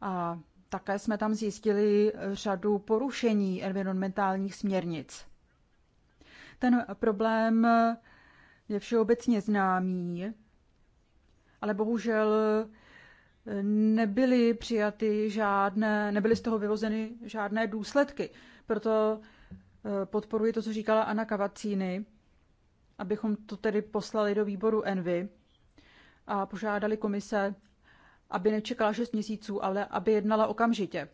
a také jsme tam zjistili řadu porušení environmentálních směrnic. Ten problém je všeobecně známý, ale bohužel nebyly přijaty žádné, nebyly z toho vyvozeny žádné důsledky. Proto eh, podporuji to, co říkala Anna Kavacíny, abychom to tedy poslali do výboru Envy a požádali komise, aby nečekala 6 měsíců, ale aby jednala okamžitě.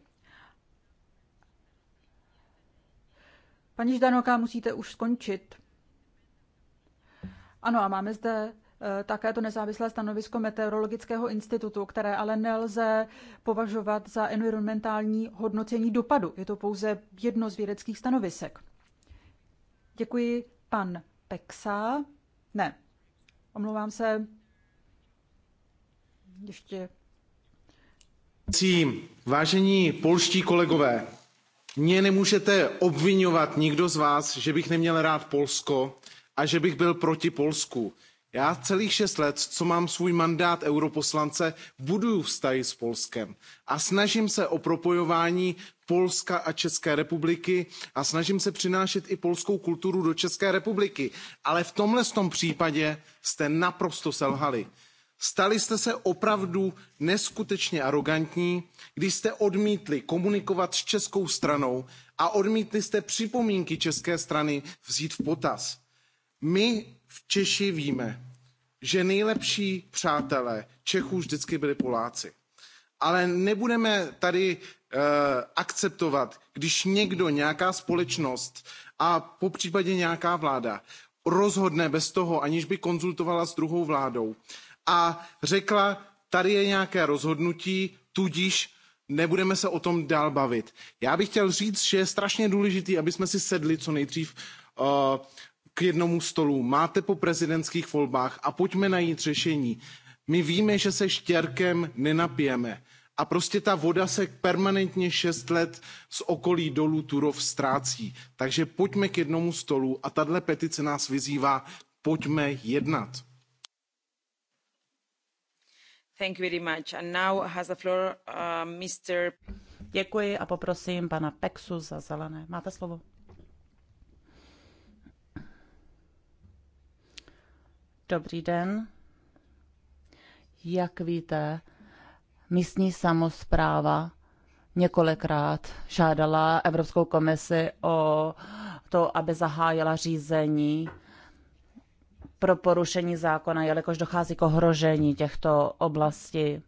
Paní Ždanoká, musíte už skončit. Ano, a máme zde Eh, také to nezávislé stanovisko Meteorologického institutu, které ale nelze považovat za environmentální hodnocení dopadu. Je to pouze jedno z vědeckých stanovisek. Děkuji pan Pexa. Ne, omlouvám se. Ještě. Vážení polští kolegové, mě nemůžete obvinovat nikdo z vás, že bych neměl rád Polsko a že bych byl proti Polsku já celých šest let co mám svůj mandát europoslance buduji vztahy s polskem a snažím se o propojování polska a české republiky a snažím se přinášet i polskou kulturu do české republiky ale v tomhle případě jste naprosto selhali. stali jste se opravdu neskutečně arogantní když jste odmítli komunikovat s českou stranou a odmítli jste připomínky české strany vzít v potaz. my v Češi víme, že nejlepší přátelé Čechů vždycky byli Poláci. Ale nebudeme tady uh, akceptovat, když někdo, nějaká společnost a popřípadě nějaká vláda rozhodne bez toho, aniž by konzultovala s druhou vládou a řekla, tady je nějaké rozhodnutí, tudíž nebudeme se o tom dál bavit. Já bych chtěl říct, že je strašně důležité, aby jsme si sedli co nejdřív uh, k jednomu stolu máte po prezidentských volbách a pojďme najít řešení. my víme že se štěrkem nenapijeme a prostě ta voda se permanentně šest let z okolí dolů turów ztrácí takže pojďme k jednomu stolu a tahle petice nás vyzývá pojďme jednat. Floor, uh, Děkuji a poprosím pana Pexu za zelené. Máte slovo. Dobrý den. Jak víte, místní samozpráva několikrát žádala Evropskou komisi o to, aby zahájila řízení pro porušení zákona, jelikož dochází k ohrožení těchto oblastí.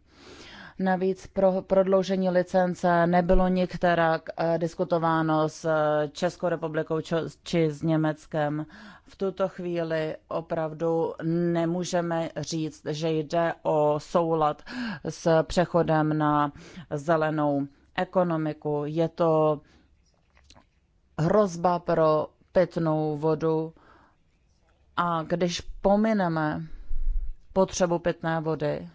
Navíc pro prodloužení licence nebylo některá eh, diskutováno s eh, Českou republikou či s Německem. V tuto chvíli opravdu nemůžeme říct, že jde o soulad s přechodem na zelenou ekonomiku. Je to hrozba pro pitnou vodu a když pomineme potřebu pitné vody,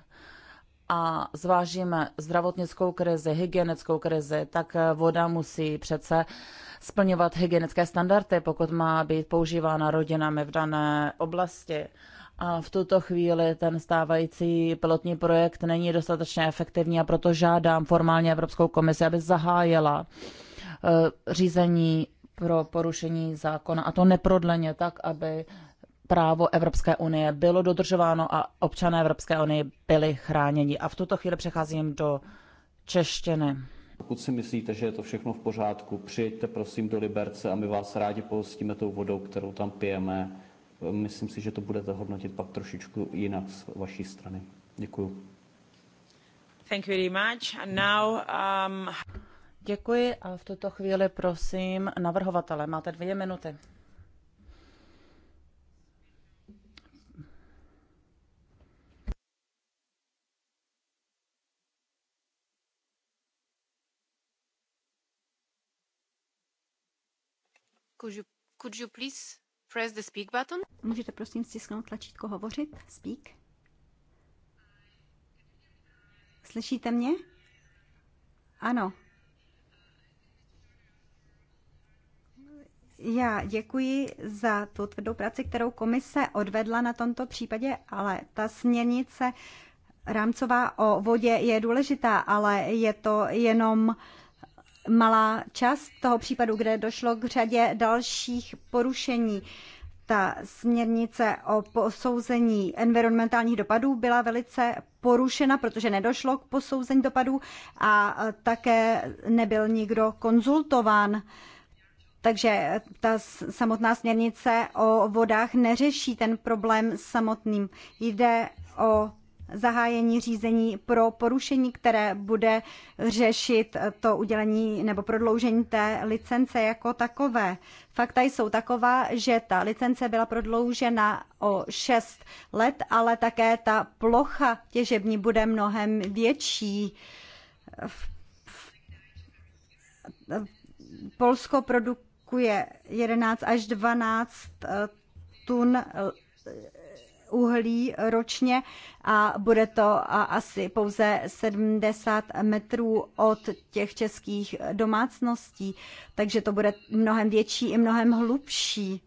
a zvážíme zdravotnickou krizi, hygienickou krizi, tak eh, voda musí přece splňovat hygienické standardy, pokud má být používána rodinami v dané oblasti. A v tuto chvíli ten stávající pilotní projekt není dostatečně efektivní a proto žádám formálně Evropskou komisi, aby zahájila eh, řízení pro porušení zákona a to neprodleně tak, aby právo Evropské unie bylo dodržováno a občané Evropské unie byli chráněni. A v tuto chvíli přecházím do češtiny. Pokud si myslíte, že je to všechno v pořádku, přijďte prosím do Liberce a my vás rádi pohostíme tou vodou, kterou tam pijeme. Myslím si, že to budete hodnotit pak trošičku jinak z vaší strany. Děkuju. Thank you very much. And now, um... Děkuji a v tuto chvíli prosím navrhovatele. Máte dvě minuty. Could you, could you please press the speak button? Můžete prosím stisknout tlačítko hovořit? Speak. Slyšíte mě? Ano. Já děkuji za tu tvrdou práci, kterou komise odvedla na tomto případě, ale ta směrnice rámcová o vodě je důležitá, ale je to jenom uh, malá část toho případu, kde došlo k řadě dalších porušení. Ta směrnice o posouzení environmentálních dopadů byla velice porušena, protože nedošlo k posouzení dopadů a také nebyl nikdo konzultován. Takže ta samotná směrnice o vodách neřeší ten problém samotným. Jde o zahájení řízení pro porušení, které bude řešit to udělení nebo prodloužení té licence jako takové. Fakta jsou taková, že ta licence byla prodloužena o 6 let, ale také ta plocha těžební bude mnohem větší. Polsko produkuje 11 až 12 tun uhlí ročně a bude to asi pouze 70 metrů od těch českých domácností, takže to bude mnohem větší i mnohem hlubší.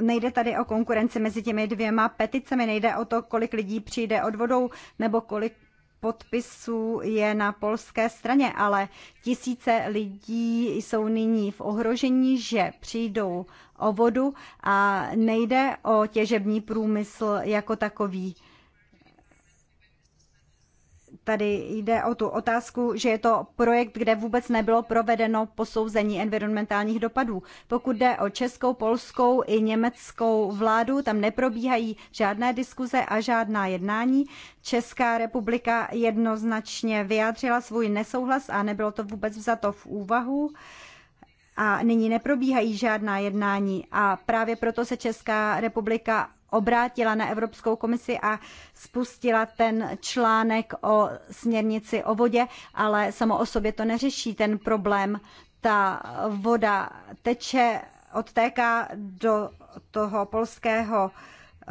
Nejde tady o konkurenci mezi těmi dvěma peticemi, nejde o to, kolik lidí přijde od vodou nebo kolik podpisů je na polské straně, ale tisíce lidí jsou nyní v ohrožení, že přijdou o vodu a nejde o těžební průmysl jako takový tady jde o tu otázku, že je to projekt, kde vůbec nebylo provedeno posouzení environmentálních dopadů. Pokud jde o českou, polskou i německou vládu, tam neprobíhají žádné diskuze a žádná jednání. Česká republika jednoznačně vyjádřila svůj nesouhlas a nebylo to vůbec vzato v úvahu a nyní neprobíhají žádná jednání a právě proto se Česká republika obrátila na Evropskou komisi a spustila ten článek o směrnici o vodě, ale samo o sobě to neřeší ten problém. Ta voda teče, odtéká do toho polského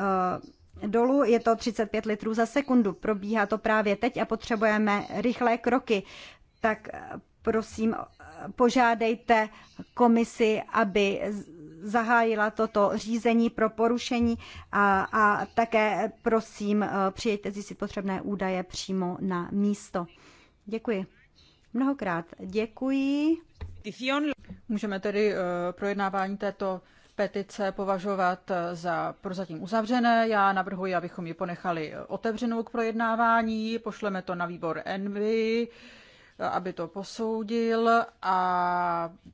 eh, dolu, je to 35 litrů za sekundu. Probíhá to právě teď a potřebujeme rychlé kroky. Tak prosím, eh, požádejte komisi, aby zahájila toto řízení pro porušení a, a také prosím, eh, přijďte zjistit potřebné údaje přímo na místo. Děkuji. Mnohokrát děkuji. Můžeme tedy eh, projednávání této petice považovat za prozatím uzavřené. Já navrhuji, abychom ji ponechali otevřenou k projednávání. Pošleme to na výbor Envy aby to posoudil a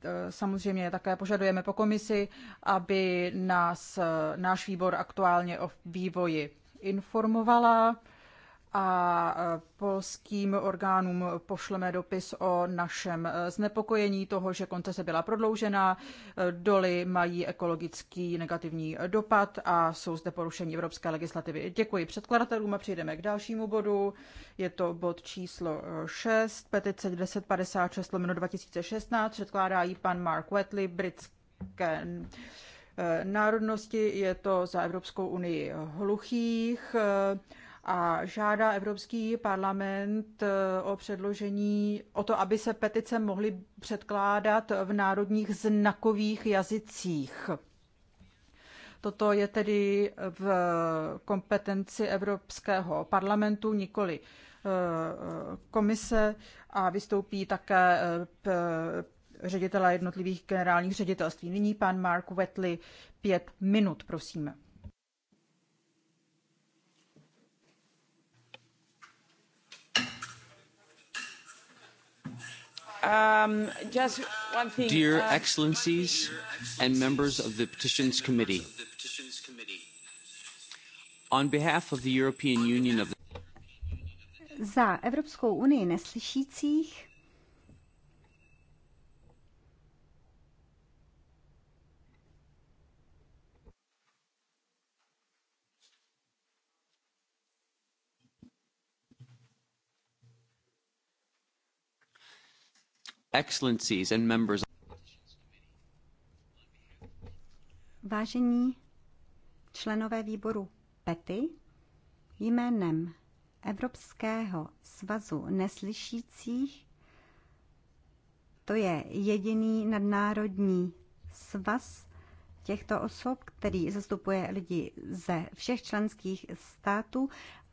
e, samozřejmě také požadujeme po komisi, aby nás e, náš výbor aktuálně o vývoji informovala a e, polským orgánům pošleme dopis o našem e, znepokojení toho, že koncese byla prodloužena, e, doly mají ekologický negativní dopad a jsou zde porušení evropské legislativy. Děkuji předkladatelům a přejdeme k dalšímu bodu. Je to bod číslo 6, petice 1056 lomeno 2016, předkládá ji pan Mark Wetley, britské národnosti, je to za Evropskou unii hluchých a žádá Evropský parlament eh, o předložení, o to, aby se petice mohly předkládat v národních znakových jazycích. Toto je tedy v kompetenci Evropského parlamentu, nikoli eh, eh, komise a vystoupí také ředitele jednotlivých generálních ředitelství. Nyní pan Mark Wetley, pět minut, prosím. Um, just one thing. Dear uh, Excellencies and members of the Petitions Committee, on behalf of the European Union of the za Evropskou unii neslyšících excellencies and members. Vážení členové výboru PETY, jménem Evropského svazu neslyšících, to je jediný nadnárodní svaz těchto osob, který zastupuje lidi ze všech členských států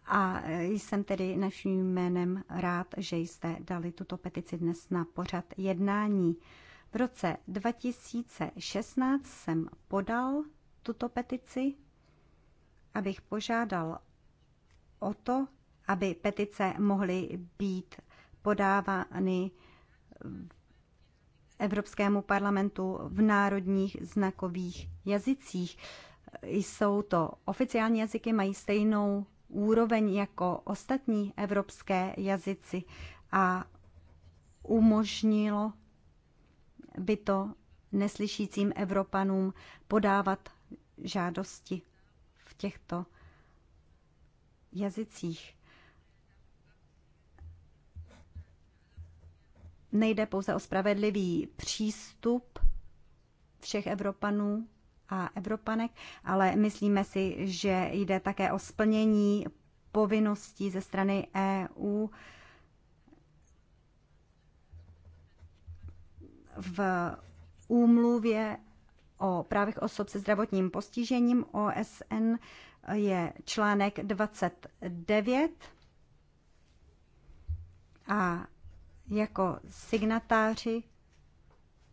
a eh, jsem tedy naším jménem rád, že jste dali tuto petici dnes na pořad jednání. V roce 2016 jsem podal tuto petici, abych požádal o to, aby petice mohly být podávány Evropskému parlamentu v národních znakových jazycích. Jsou to oficiální jazyky, mají stejnou úroveň jako ostatní evropské jazyci a umožnilo by to neslyšícím Evropanům podávat žádosti v těchto jazycích. Nejde pouze o spravedlivý přístup všech Evropanů a Evropanek, ale myslíme si, že jde také o splnění povinností ze strany EU v úmluvě o právech osob se zdravotním postižením OSN je článek 29 a jako signatáři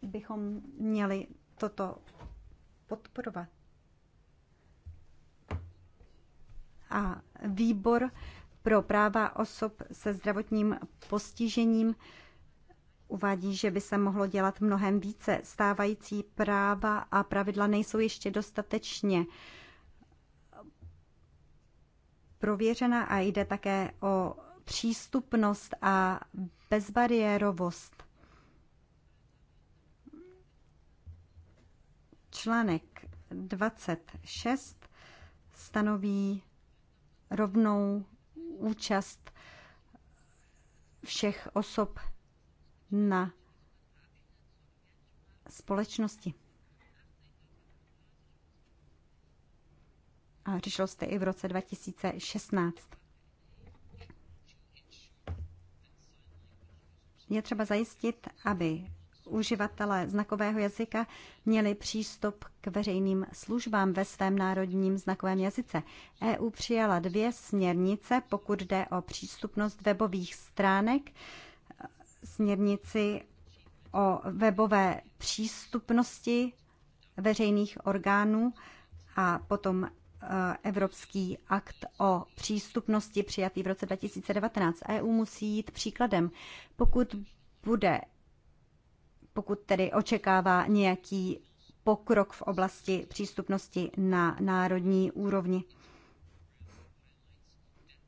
bychom měli toto podporovat. A výbor pro práva osob se zdravotním postižením uvádí, že by se mohlo dělat mnohem více. Stávající práva a pravidla nejsou ještě dostatečně prověřena a jde také o přístupnost a bezbariérovost. Článek 26 stanoví rovnou účast všech osob na společnosti. A řešil jste i v roce 2016. Je třeba zajistit, aby uživatelé znakového jazyka měli přístup k veřejným službám ve svém národním znakovém jazyce. EU přijala dvě směrnice, pokud jde o přístupnost webových stránek, směrnici o webové přístupnosti veřejných orgánů a potom e, Evropský akt o přístupnosti přijatý v roce 2019. EU musí jít příkladem. Pokud bude pokud tedy očekává nějaký pokrok v oblasti přístupnosti na národní úrovni.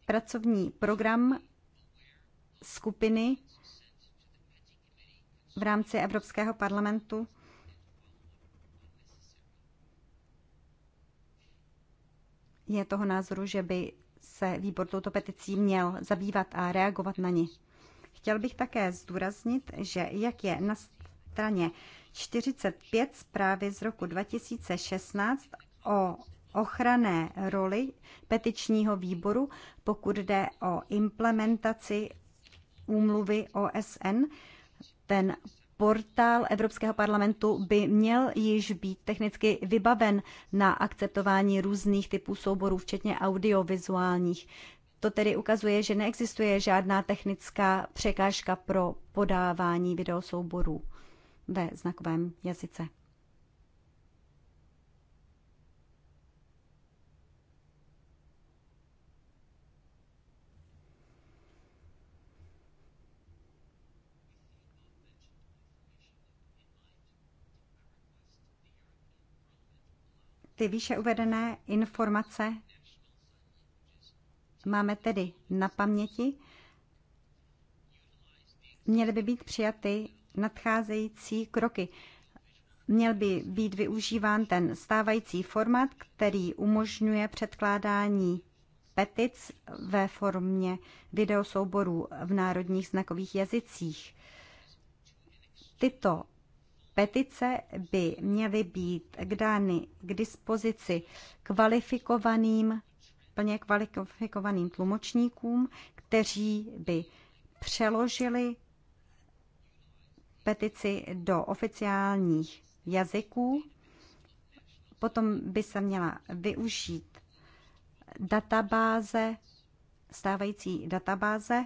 Pracovní program skupiny v rámci Evropského parlamentu je toho názoru, že by se výbor touto peticí měl zabývat a reagovat na ní. Chtěl bych také zdůraznit, že jak je nastaveno straně 45 zprávy z roku 2016 o ochranné roli petičního výboru, pokud jde o implementaci úmluvy OSN. Ten portál Evropského parlamentu by měl již být technicky vybaven na akceptování různých typů souborů, včetně audiovizuálních. To tedy ukazuje, že neexistuje žádná technická překážka pro podávání videosouborů ve znakovém jazyce. Ty výše uvedené informace máme tedy na paměti, měly by být přijaty nadcházející kroky. Měl by být využíván ten stávající formát, který umožňuje předkládání petic ve formě videosouborů v národních znakových jazycích. Tyto petice by měly být k dány k dispozici kvalifikovaným, plně kvalifikovaným tlumočníkům, kteří by přeložili petici do oficiálních jazyků. Potom by se měla využít databáze, stávající databáze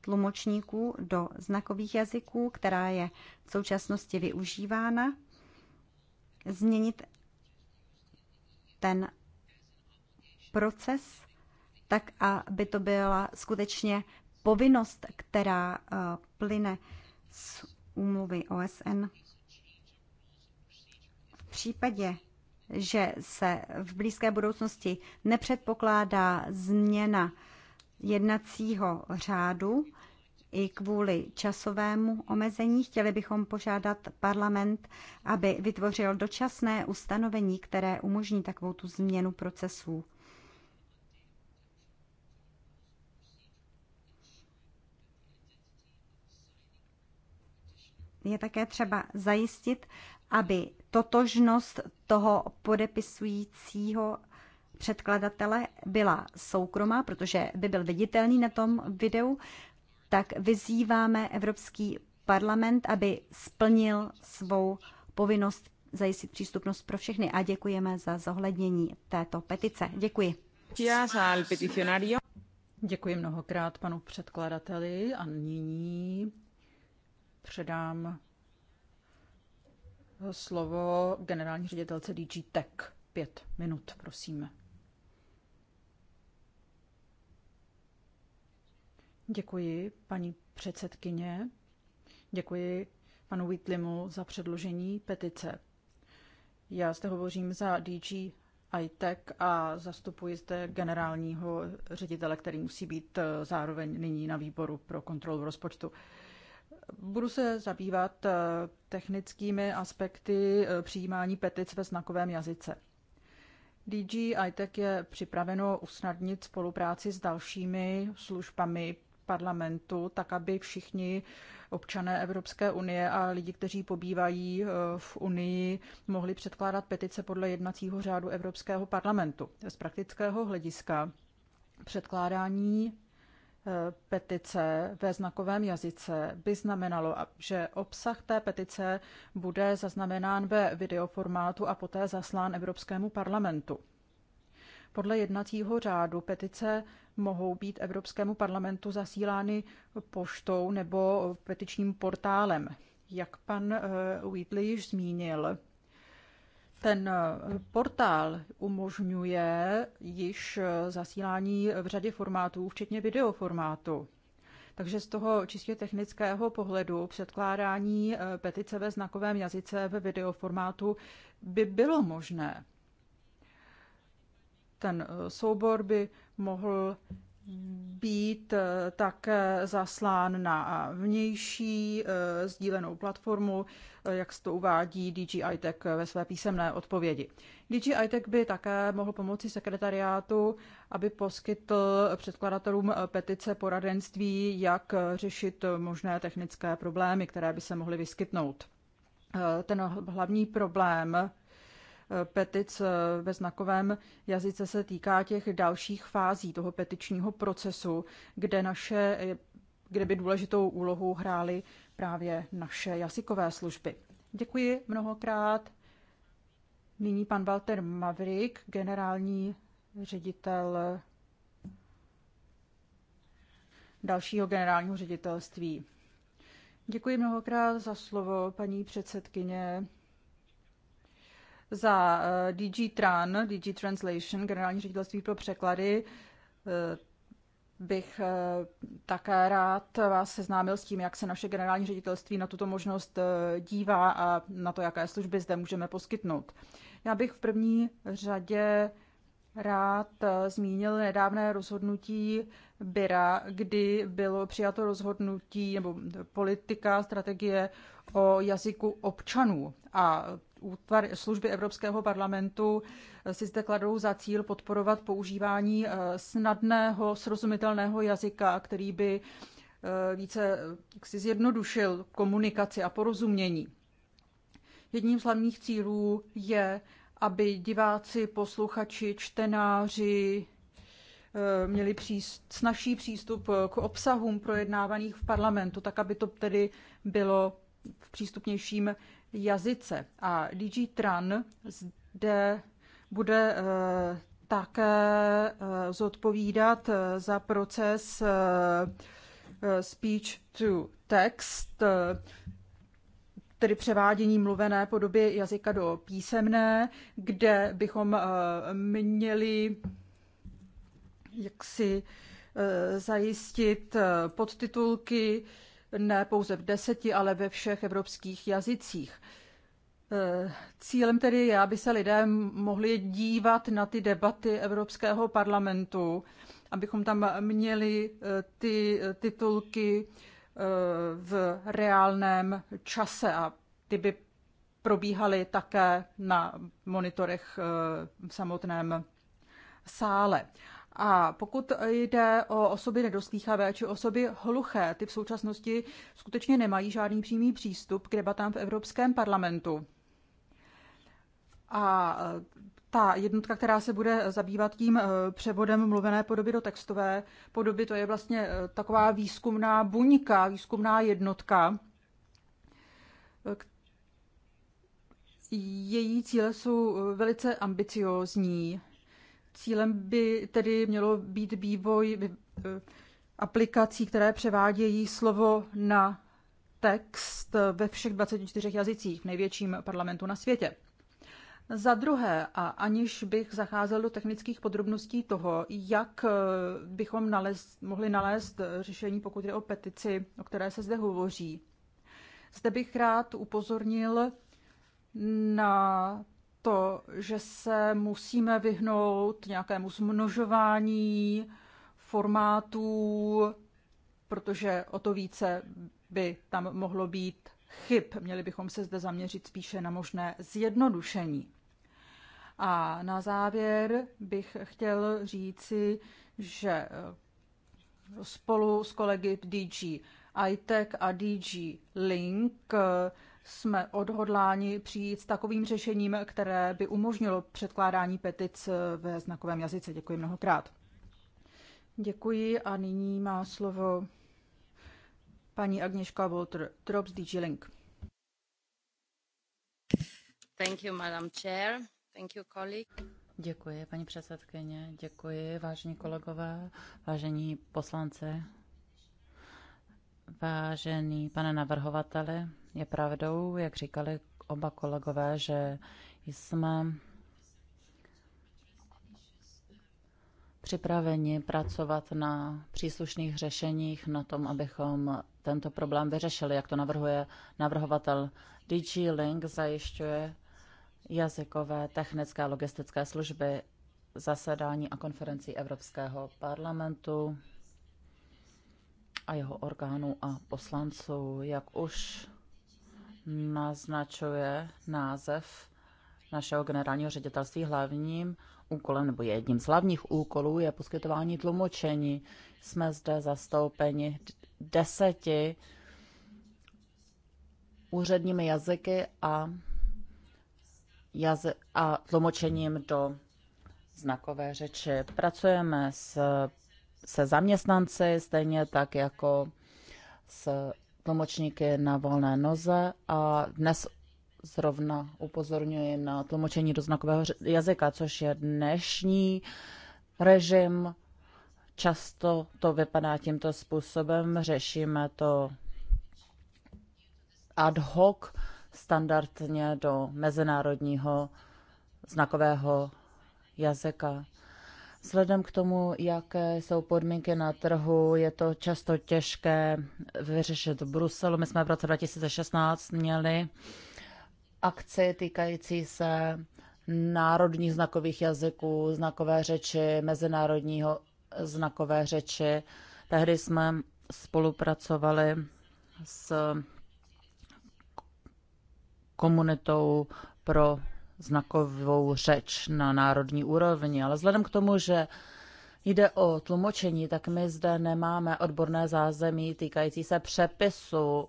tlumočníků do znakových jazyků, která je v současnosti využívána, změnit ten proces tak, aby to byla skutečně povinnost, která eh, plyne z úmluvy OSN. V případě, že se v blízké budoucnosti nepředpokládá změna jednacího řádu i kvůli časovému omezení, chtěli bychom požádat parlament, aby vytvořil dočasné ustanovení, které umožní takovou tu změnu procesů. je také třeba zajistit, aby totožnost toho podepisujícího předkladatele byla soukromá, protože by byl viditelný na tom videu, tak vyzýváme Evropský parlament, aby splnil svou povinnost zajistit přístupnost pro všechny a děkujeme za zohlednění této petice. Děkuji. Děkuji mnohokrát panu předkladateli a nyní předám slovo generální ředitelce DG Tech. Pět minut, prosím. Děkuji, paní předsedkyně. Děkuji panu Whitlimu za předložení petice. Já zde hovořím za DG ITech a zastupuji zde generálního ředitele, který musí být eh, zároveň nyní na výboru pro kontrolu rozpočtu. Budu se zabývat eh, technickými aspekty eh, přijímání petic ve znakovém jazyce. DG ITEC je připraveno usnadnit spolupráci s dalšími službami parlamentu, tak aby všichni občané Evropské unie a lidi, kteří pobývají eh, v Unii, mohli předkládat petice podle jednacího řádu Evropského parlamentu. Z praktického hlediska předkládání Eh, petice ve znakovém jazyce by znamenalo, že obsah té petice bude zaznamenán ve videoformátu a poté zaslán Evropskému parlamentu. Podle jednacího řádu petice mohou být Evropskému parlamentu zasílány poštou nebo petičním portálem. Jak pan eh, Wheatley již zmínil, ten eh, portál umožňuje již eh, zasílání v řadě formátů, včetně videoformátu. Takže z toho čistě technického pohledu předkládání eh, petice ve znakovém jazyce ve videoformátu by bylo možné. Ten soubor by mohl být eh, také eh, zaslán na eh, vnější sdílenou platformu, jak se to uvádí DJI Tech ve své písemné odpovědi. DJI Tech by také mohl pomoci sekretariátu, aby poskytl předkladatelům petice poradenství, jak řešit možné technické problémy, které by se mohly vyskytnout. Ten hlavní problém petic eh, ve znakovém jazyce se týká těch dalších fází toho petičního procesu, kde naše eh, kde by důležitou úlohu hrály právě naše jazykové služby. Děkuji mnohokrát. Nyní pan Walter Mavrik, generální ředitel dalšího generálního ředitelství. Děkuji mnohokrát za slovo, paní předsedkyně za eh, DG Tran, DG Translation, generální ředitelství pro překlady, eh, bych eh, také rád vás seznámil s tím, jak se naše generální ředitelství na tuto možnost dívá a na to, jaké služby zde můžeme poskytnout. Já bych v první řadě rád zmínil nedávné rozhodnutí Byra, kdy bylo přijato rozhodnutí nebo politika, strategie o jazyku občanů. A útvar, služby Evropského parlamentu si zde kladou za cíl podporovat používání eh, snadného, srozumitelného jazyka, který by eh, více si zjednodušil komunikaci a porozumění. Jedním z hlavních cílů je, aby diváci, posluchači, čtenáři eh, měli příst, snažší přístup k obsahům projednávaných v parlamentu, tak aby to tedy bylo v přístupnějším jazyce. A DG Tran zde bude eh, také eh, zodpovídat eh, za proces speech to text, tedy převádění mluvené podoby jazyka do písemné, kde bychom měli jaksi zajistit podtitulky ne pouze v deseti, ale ve všech evropských jazycích. Eh, cílem tedy je, aby se lidé mohli dívat na ty debaty Evropského parlamentu, abychom tam měli eh, ty titulky eh, v reálném čase a ty by probíhaly také na monitorech v samotném sále. A pokud jde o osoby nedoslýchavé či osoby hluché, ty v současnosti skutečně nemají žádný přímý přístup k debatám v Evropském parlamentu. A e, ta jednotka, která se bude zabývat tím e, převodem mluvené podoby do textové podoby, to je vlastně e, taková výzkumná buňka, výzkumná jednotka. Její cíle jsou velice ambiciózní Cílem by tedy mělo být vývoj eh, aplikací, které převádějí slovo na text eh, ve všech 24 jazycích v největším parlamentu na světě. Za druhé, a aniž bych zacházel do technických podrobností toho, jak eh, bychom nalézt, mohli nalézt řešení, pokud je o petici, o které se zde hovoří, zde bych rád upozornil na to, že se musíme vyhnout nějakému zmnožování formátů, protože o to více by tam mohlo být chyb. Měli bychom se zde zaměřit spíše na možné zjednodušení. A na závěr bych chtěl říci, že eh, spolu s kolegy DG iTech a DG Link eh, jsme odhodláni přijít s takovým řešením, které by umožnilo předkládání petic ve znakovém jazyce. Děkuji mnohokrát. Děkuji a nyní má slovo paní Agněška Walter Trops DG Link. Thank you, Madam Chair. Thank you, colleague. Děkuji, paní předsedkyně, děkuji, vážení kolegové, vážení poslanci, vážený pane navrhovateli. Je pravdou, jak říkali oba kolegové, že jsme připraveni pracovat na příslušných řešeních, na tom, abychom tento problém vyřešili, jak to navrhuje navrhovatel. DG Link zajišťuje jazykové, technické a logistické služby zasedání a konferencí Evropského parlamentu a jeho orgánů a poslanců, jak už naznačuje název našeho generálního ředitelství hlavním úkolem nebo jedním z hlavních úkolů je poskytování tlumočení. Jsme zde zastoupeni deseti úředními jazyky a, jazy- a tlumočením do znakové řeči. Pracujeme s, se zaměstnanci, stejně tak jako s tlumočníky na volné noze a dnes zrovna upozorňuji na tlumočení do znakového jazyka, což je dnešní režim. Často to vypadá tímto způsobem, řešíme to ad hoc, standardně do mezinárodního znakového jazyka. Vzhledem k tomu, jaké jsou podmínky na trhu, je to často těžké vyřešit v Bruselu. My jsme v roce 2016 měli akci týkající se národních znakových jazyků, znakové řeči, mezinárodního znakové řeči. Tehdy jsme spolupracovali s komunitou pro znakovou řeč na národní úrovni, ale vzhledem k tomu, že jde o tlumočení, tak my zde nemáme odborné zázemí týkající se přepisu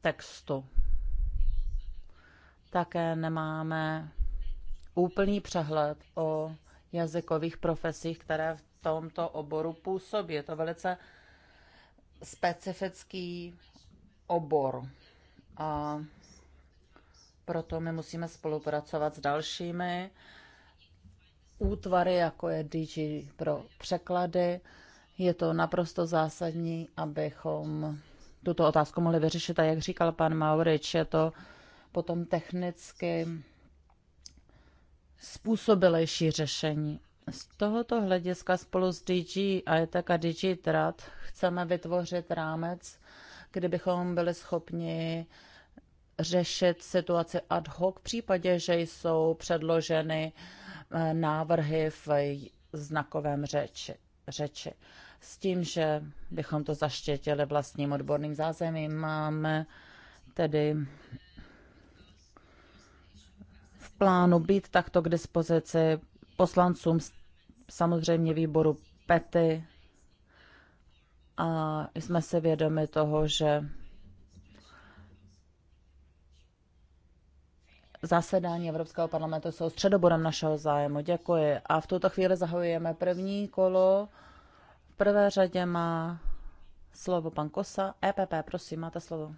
textu. Také nemáme úplný přehled o jazykových profesích, které v tomto oboru působí. Je to velice specifický obor. A proto my musíme spolupracovat s dalšími útvary, jako je DG pro překlady. Je to naprosto zásadní, abychom tuto otázku mohli vyřešit. A jak říkal pan Maurič, je to potom technicky způsobilejší řešení. Z tohoto hlediska spolu s DG a je a DG Trad chceme vytvořit rámec, kdybychom byli schopni řešit situaci ad hoc v případě, že jsou předloženy eh, návrhy v znakovém řeči. řeči. S tím, že bychom to zaštětili vlastním odborným zázemím, máme tedy v plánu být takto k dispozici poslancům samozřejmě výboru PETY a jsme si vědomi toho, že zasedání Evropského parlamentu jsou středobodem našeho zájmu. Děkuji. A v tuto chvíli zahajujeme první kolo. V prvé řadě má slovo pan Kosa. EPP, prosím, máte slovo.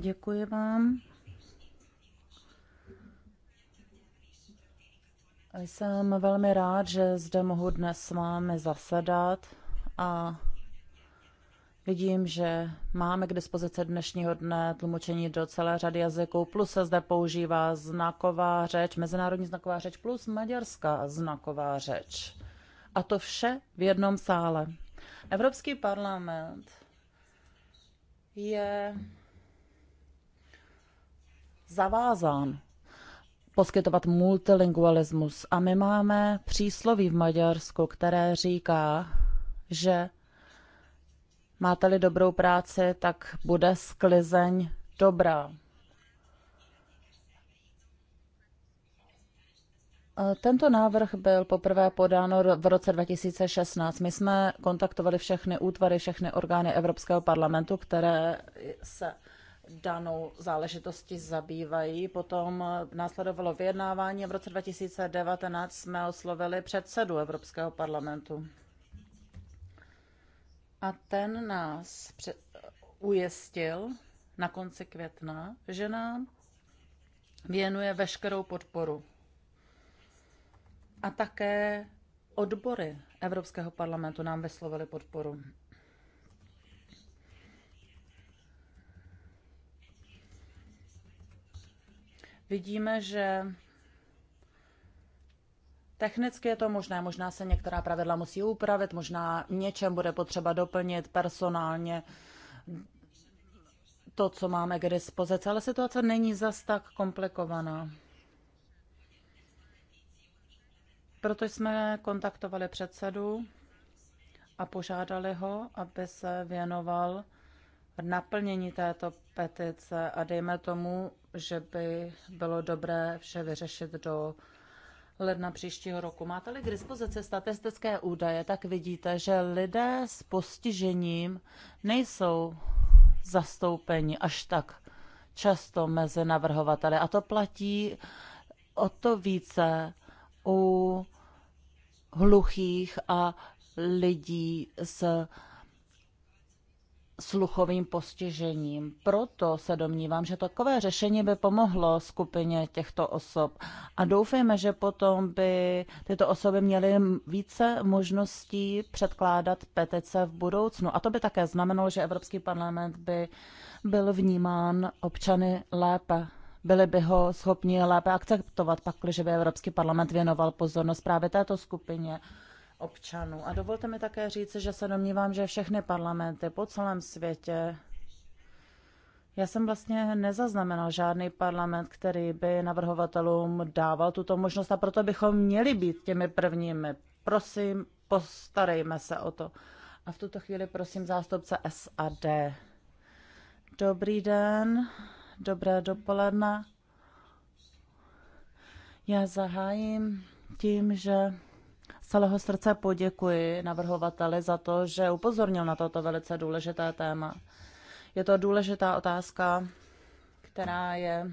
Děkuji vám. Jsem velmi rád, že zde mohu dnes s vámi zasedat a Vidím, že máme k dispozici dnešního dne tlumočení do celé řady jazyků, plus se zde používá znaková řeč, mezinárodní znaková řeč, plus maďarská znaková řeč. A to vše v jednom sále. Evropský parlament je zavázán poskytovat multilingualismus. A my máme přísloví v Maďarsku, které říká, že Máte-li dobrou práci, tak bude sklizeň dobrá. E, tento návrh byl poprvé podán v roce 2016. My jsme kontaktovali všechny útvary, všechny orgány Evropského parlamentu, které se danou záležitosti zabývají. Potom následovalo vyjednávání a v roce 2019 jsme oslovili předsedu Evropského parlamentu. A ten nás před, ujistil na konci května, že nám věnuje veškerou podporu. A také odbory Evropského parlamentu nám vyslovily podporu. Vidíme, že Technicky je to možné, možná se některá pravidla musí upravit, možná něčem bude potřeba doplnit personálně to, co máme k dispozici, ale situace není zas tak komplikovaná. Proto jsme kontaktovali předsedu a požádali ho, aby se věnoval naplnění této petice a dejme tomu, že by bylo dobré vše vyřešit do ledna příštího roku. Máte-li k dispozici statistické údaje, tak vidíte, že lidé s postižením nejsou zastoupeni až tak často mezi navrhovateli. A to platí o to více u hluchých a lidí s sluchovým postižením. Proto se domnívám, že takové řešení by pomohlo skupině těchto osob. A doufejme, že potom by tyto osoby měly více možností předkládat petice v budoucnu. A to by také znamenalo, že Evropský parlament by byl vnímán občany lépe. Byli by ho schopni lépe akceptovat, pakliže by Evropský parlament věnoval pozornost právě této skupině občanů. A dovolte mi také říct, že se domnívám, že všechny parlamenty po celém světě já jsem vlastně nezaznamenal žádný parlament, který by navrhovatelům dával tuto možnost a proto bychom měli být těmi prvními. Prosím, postarejme se o to. A v tuto chvíli prosím zástupce SAD. Dobrý den, dobré dopoledne. Já zahájím tím, že celého srdce poděkuji navrhovateli za to, že upozornil na toto velice důležité téma. Je to důležitá otázka, která je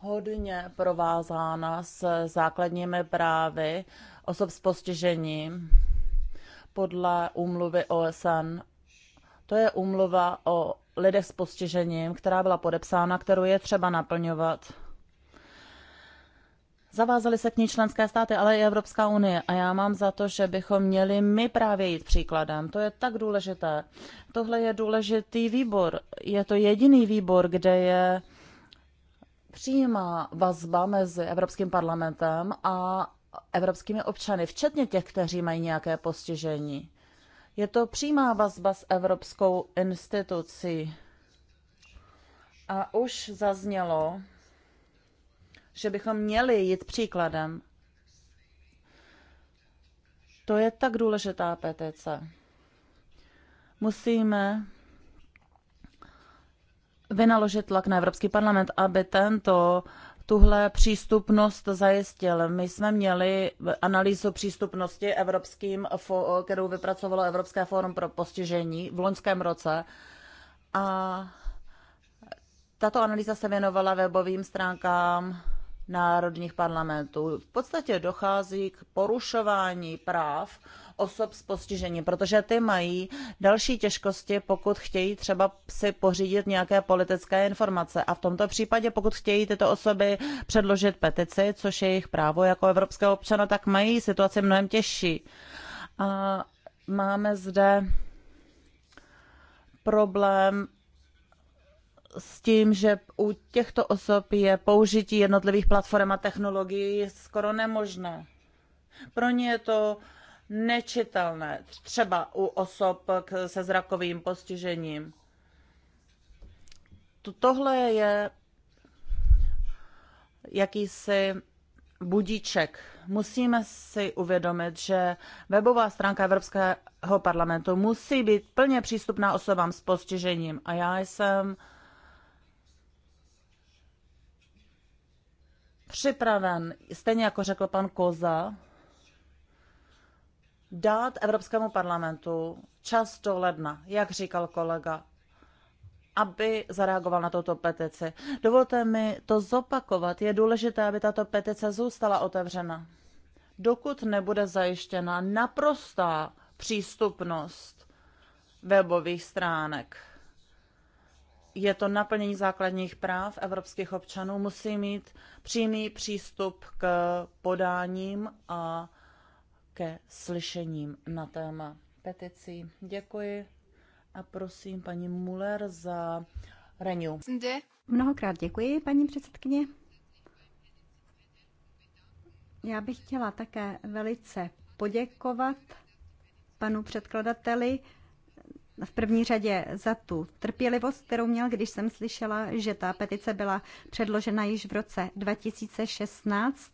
hodně provázána s základními právy osob s postižením podle úmluvy OSN. To je úmluva o lidech s postižením, která byla podepsána, kterou je třeba naplňovat. Zavázaly se k ní členské státy, ale i Evropská unie. A já mám za to, že bychom měli my právě jít příkladem. To je tak důležité. Tohle je důležitý výbor. Je to jediný výbor, kde je přímá vazba mezi Evropským parlamentem a evropskými občany, včetně těch, kteří mají nějaké postižení. Je to přímá vazba s Evropskou institucí. A už zaznělo, že bychom měli jít příkladem. To je tak důležitá PTC. Musíme vynaložit tlak na Evropský parlament, aby tento tuhle přístupnost zajistil. My jsme měli analýzu přístupnosti evropským, kterou vypracovalo Evropské fórum pro postižení v loňském roce. A tato analýza se věnovala webovým stránkám národních parlamentů. V podstatě dochází k porušování práv osob s postižením, protože ty mají další těžkosti, pokud chtějí třeba si pořídit nějaké politické informace. A v tomto případě, pokud chtějí tyto osoby předložit petici, což je jejich právo jako evropského občana, tak mají situaci mnohem těžší. A máme zde problém s tím, že u těchto osob je použití jednotlivých platform a technologií skoro nemožné. Pro ně je to nečitelné, třeba u osob se zrakovým postižením. Tohle je jakýsi budíček. Musíme si uvědomit, že webová stránka Evropského parlamentu musí být plně přístupná osobám s postižením. A já jsem připraven, stejně jako řekl pan Koza, dát Evropskému parlamentu čas do ledna, jak říkal kolega, aby zareagoval na tuto petici. Dovolte mi to zopakovat. Je důležité, aby tato petice zůstala otevřena. Dokud nebude zajištěna naprostá přístupnost webových stránek je to naplnění základních práv evropských občanů, musí mít přímý přístup k podáním a ke slyšením na téma peticí. Děkuji a prosím paní Muller za Renew. Mnohokrát děkuji, paní předsedkyně. Já bych chtěla také velice poděkovat panu předkladateli v první řadě za tu trpělivost, kterou měl, když jsem slyšela, že ta petice byla předložena již v roce 2016.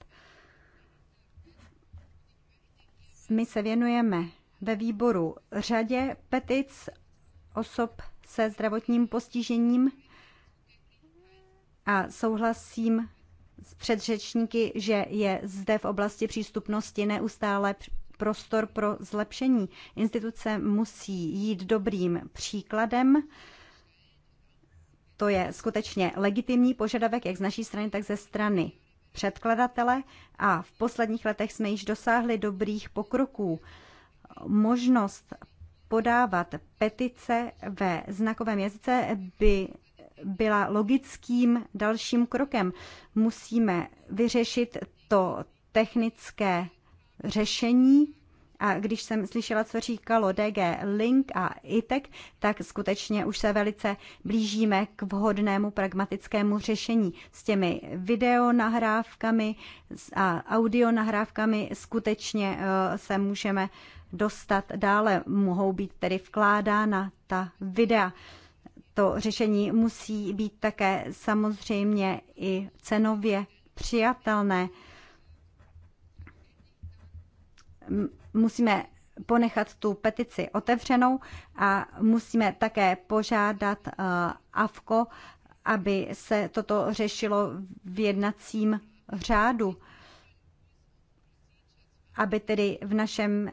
My se věnujeme ve výboru řadě petic osob se zdravotním postižením a souhlasím s předřečníky, že je zde v oblasti přístupnosti neustále prostor pro zlepšení. Instituce musí jít dobrým příkladem. To je skutečně legitimní požadavek, jak z naší strany, tak ze strany předkladatele. A v posledních letech jsme již dosáhli dobrých pokroků. Možnost podávat petice ve znakovém jazyce by byla logickým dalším krokem. Musíme vyřešit to technické řešení. A když jsem slyšela, co říkalo DG Link a ITEC, tak skutečně už se velice blížíme k vhodnému pragmatickému řešení. S těmi videonahrávkami a audionahrávkami skutečně eh, se můžeme dostat dále. Mohou být tedy vkládána ta videa. To řešení musí být také samozřejmě i cenově přijatelné musíme ponechat tu petici otevřenou a musíme také požádat eh, AFKO, aby se toto řešilo v jednacím řádu, aby tedy v našem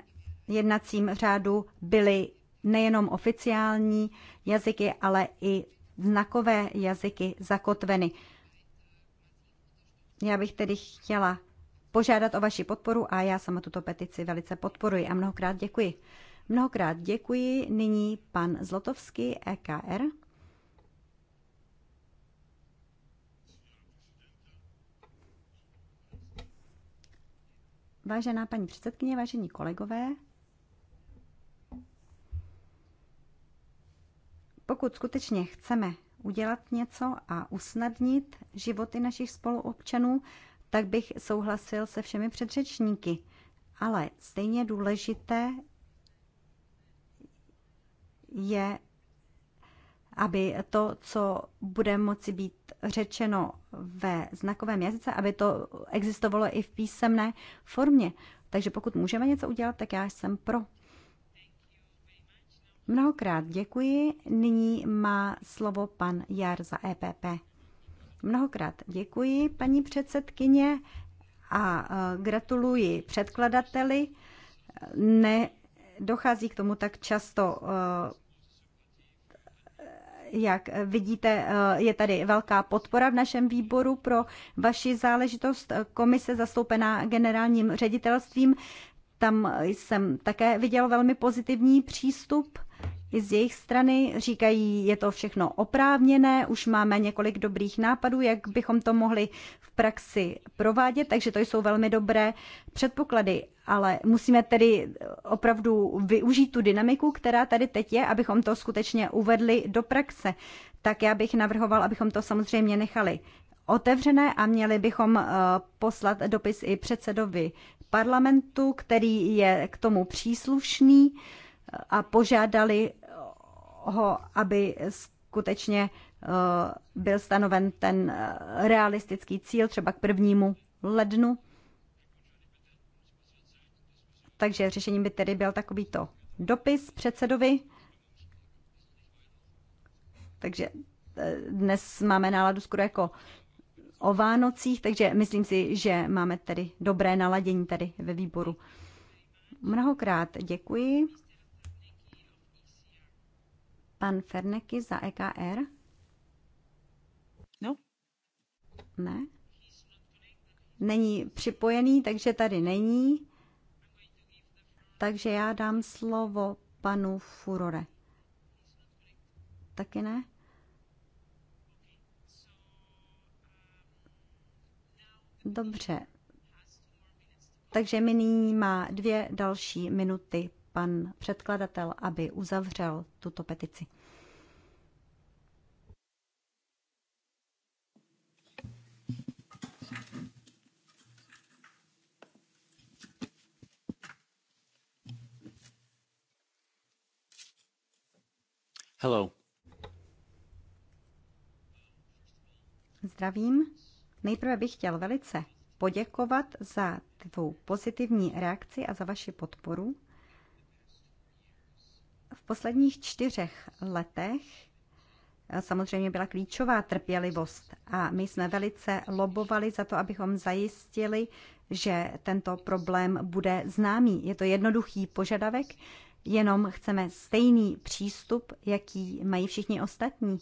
jednacím řádu byly nejenom oficiální jazyky, ale i znakové jazyky zakotveny. Já bych tedy chtěla požádat o vaši podporu a já sama tuto petici velice podporuji a mnohokrát děkuji. Mnohokrát děkuji. Nyní pan Zlotovský, EKR. Vážená paní předsedkyně, vážení kolegové, pokud skutečně chceme udělat něco a usnadnit životy našich spoluobčanů, tak bych souhlasil se všemi předřečníky. Ale stejně důležité je, aby to, co bude moci být řečeno ve znakovém jazyce, aby to existovalo i v písemné formě. Takže pokud můžeme něco udělat, tak já jsem pro. Mnohokrát děkuji. Nyní má slovo pan Jar za EPP. Mnohokrát děkuji, paní předsedkyně, a e, gratuluji předkladateli. Ne, dochází k tomu tak často e, jak vidíte, e, je tady velká podpora v našem výboru pro vaši záležitost. Komise zastoupená generálním ředitelstvím, tam jsem také viděl velmi pozitivní přístup. I z jejich strany říkají, je to všechno oprávněné, už máme několik dobrých nápadů, jak bychom to mohli v praxi provádět, takže to jsou velmi dobré předpoklady, ale musíme tedy opravdu využít tu dynamiku, která tady teď je, abychom to skutečně uvedli do praxe. Tak já bych navrhoval, abychom to samozřejmě nechali otevřené a měli bychom eh, poslat dopis i předsedovi parlamentu, který je k tomu příslušný eh, a požádali ho, aby skutečně eh, byl stanoven ten eh, realistický cíl třeba k prvnímu lednu. Takže řešením by tedy byl takovýto dopis předsedovi. Takže eh, dnes máme náladu skoro jako o Vánocích, takže myslím si, že máme tedy dobré naladění tady ve výboru. Mnohokrát děkuji. Pan Ferneky za EKR? No. Ne? Není připojený, takže tady není. Takže já dám slovo panu Furore. Taky ne? Dobře. Takže mi nyní má dvě další minuty pan předkladatel, aby uzavřel tuto petici. Hello. Zdravím. Nejprve bych chtěl velice poděkovat za tvou pozitivní reakci a za vaši podporu. V posledních čtyřech letech eh, samozřejmě byla klíčová trpělivost a my jsme velice lobovali za to, abychom zajistili, že tento problém bude známý. Je to jednoduchý požadavek, jenom chceme stejný přístup, jaký mají všichni ostatní.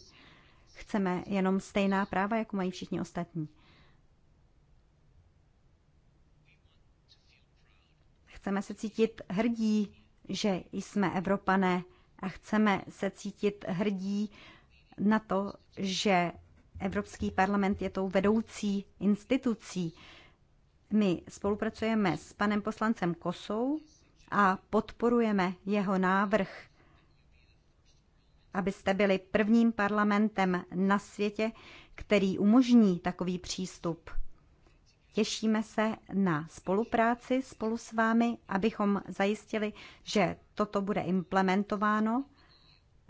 Chceme jenom stejná práva, jako mají všichni ostatní. Chceme se cítit hrdí že jsme Evropané a chceme se cítit hrdí na to, že Evropský parlament je tou vedoucí institucí. My spolupracujeme s panem poslancem Kosou a podporujeme jeho návrh, abyste byli prvním parlamentem na světě, který umožní takový přístup. Těšíme se na spolupráci spolu s vámi, abychom zajistili, že toto bude implementováno.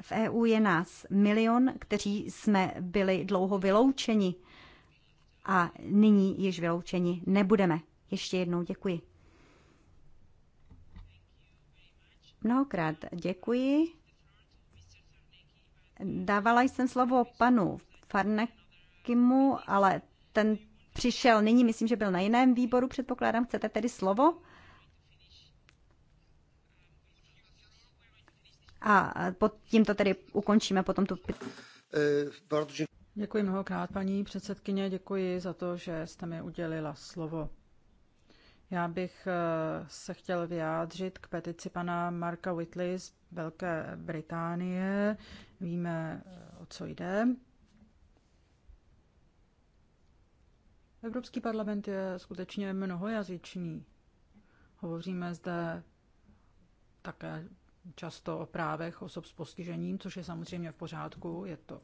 V EU je nás milion, kteří jsme byli dlouho vyloučeni a nyní již vyloučeni nebudeme. Ještě jednou děkuji. Mnohokrát děkuji. Dávala jsem slovo panu Farnekimu, ale ten přišel nyní, myslím, že byl na jiném výboru, předpokládám, chcete tedy slovo? A pod tímto tedy ukončíme potom tu... Děkuji mnohokrát, paní předsedkyně, děkuji za to, že jste mi udělila slovo. Já bych eh, se chtěl vyjádřit k petici pana Marka Whitley z Velké Británie. Víme, eh, o co jde. Evropský parlament je skutečně mnohojazyčný. Hovoříme zde také často o právech osob s postižením, což je samozřejmě v pořádku, je to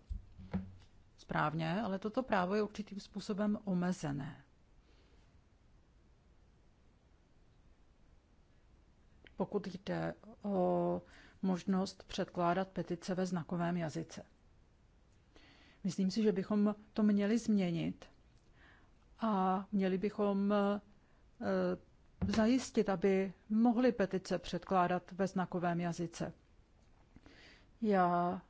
správně, ale toto právo je určitým způsobem omezené. Pokud jde o možnost předkládat petice ve znakovém jazyce. Myslím si, že bychom to měli změnit a měli bychom eh, zajistit, aby mohli petice předkládat ve znakovém jazyce. Já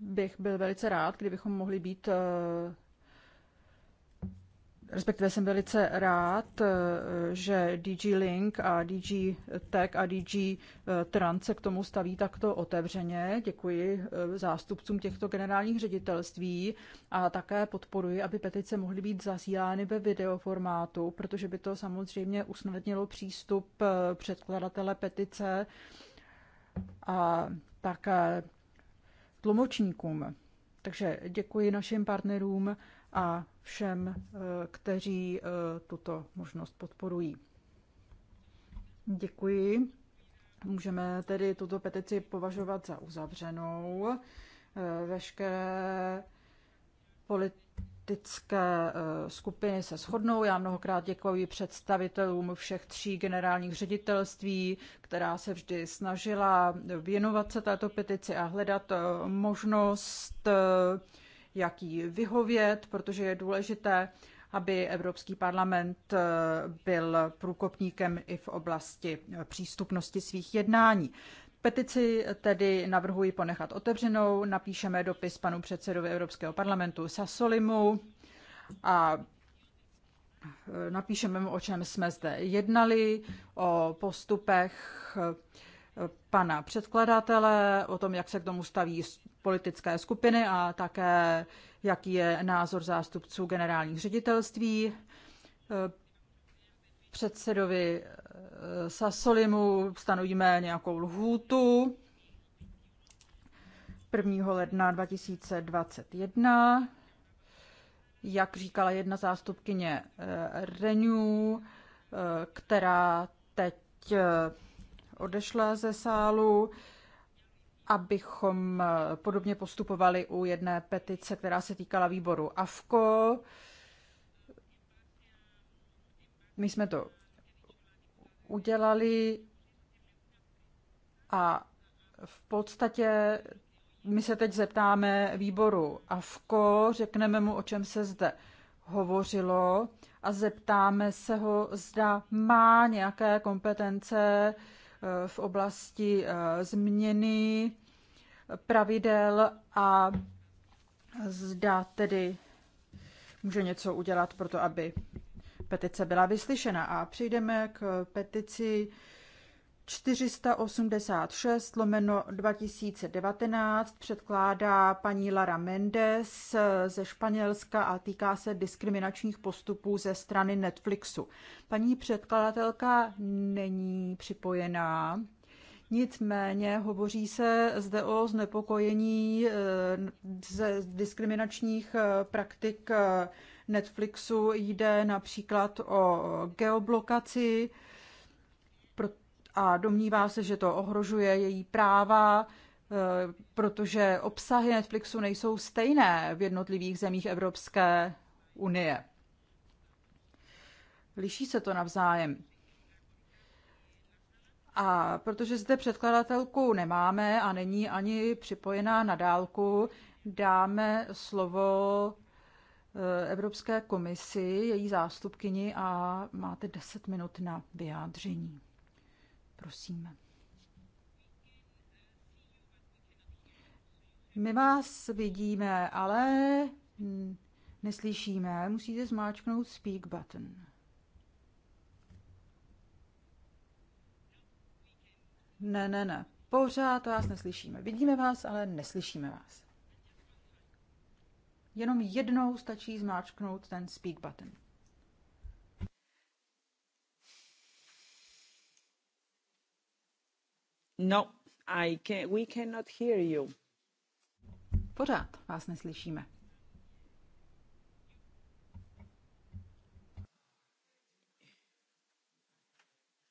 bych byl velice rád, kdybychom mohli být eh, respektive jsem velice rád, eh, že DG Link a DG Tech a DG eh, Trans se k tomu staví takto otevřeně. Děkuji eh, zástupcům těchto generálních ředitelství a také podporuji, aby petice mohly být zasílány ve videoformátu, protože by to samozřejmě usnadnilo přístup předkladatele petice a také tlumočníkům. Takže děkuji našim partnerům a všem, eh, kteří eh, tuto možnost podporují. Děkuji. Můžeme tedy tuto petici považovat za uzavřenou. Eh, veškeré politické skupiny se shodnou. Já mnohokrát děkuji představitelům všech tří generálních ředitelství, která se vždy snažila věnovat se této petici a hledat možnost jak jí vyhovět, protože je důležité, aby Evropský parlament eh, byl průkopníkem i v oblasti eh, přístupnosti svých jednání. Petici tedy navrhuji ponechat otevřenou. Napíšeme dopis panu předsedovi Evropského parlamentu Sasolimu a eh, napíšeme mu, o čem jsme zde jednali, o postupech pana předkladatele, o tom, jak se k tomu staví politické skupiny a také jaký je názor zástupců generálních ředitelství. Eh, předsedovi eh, Sasolimu stanovíme nějakou lhůtu 1. ledna 2021. Jak říkala jedna zástupkyně eh, Renew, která teď odešla ze sálu, abychom eh, podobně postupovali u jedné petice, která se týkala výboru AFKO. My jsme to udělali a v podstatě my se teď zeptáme výboru AFKO, řekneme mu, o čem se zde hovořilo a zeptáme se ho, zda má nějaké kompetence v oblasti eh, změny pravidel a zda tedy může něco udělat pro to, aby petice byla vyslyšena. A přejdeme k petici 486 lomeno 2019 předkládá paní Lara Mendes ze Španělska a týká se diskriminačních postupů ze strany Netflixu. Paní předkladatelka není připojená, nicméně hovoří se zde o znepokojení eh, ze diskriminačních eh, praktik eh, Netflixu. Jde například o geoblokaci, a domnívá se, že to ohrožuje její práva, e, protože obsahy Netflixu nejsou stejné v jednotlivých zemích Evropské unie. Liší se to navzájem. A protože zde předkladatelku nemáme a není ani připojená na dálku, dáme slovo e, Evropské komisi, její zástupkyni a máte 10 minut na vyjádření. Prosím. My vás vidíme, ale neslyšíme. Musíte zmáčknout speak button. Ne, ne, ne. Pořád vás neslyšíme. Vidíme vás, ale neslyšíme vás. Jenom jednou stačí zmáčknout ten speak button. No, I can, we cannot hear you. Pořád vás neslyšíme.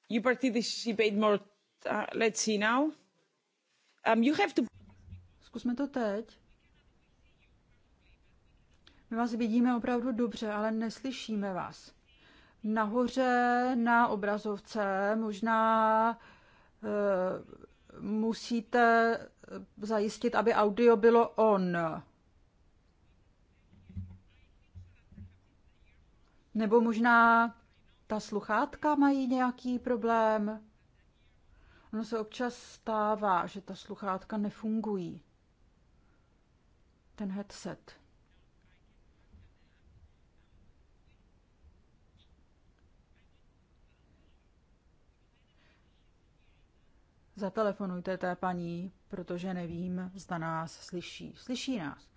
You participate more. Uh, let's see now. Um, you have to... Zkusme to teď. My vás vidíme opravdu dobře, ale neslyšíme vás. Nahoře na obrazovce možná Eh, musíte zajistit, aby audio bylo on. Nebo možná ta sluchátka mají nějaký problém. Ono se občas stává, že ta sluchátka nefungují. Ten headset. Zatelefonujte té paní, protože nevím, zda nás slyší. Slyší nás.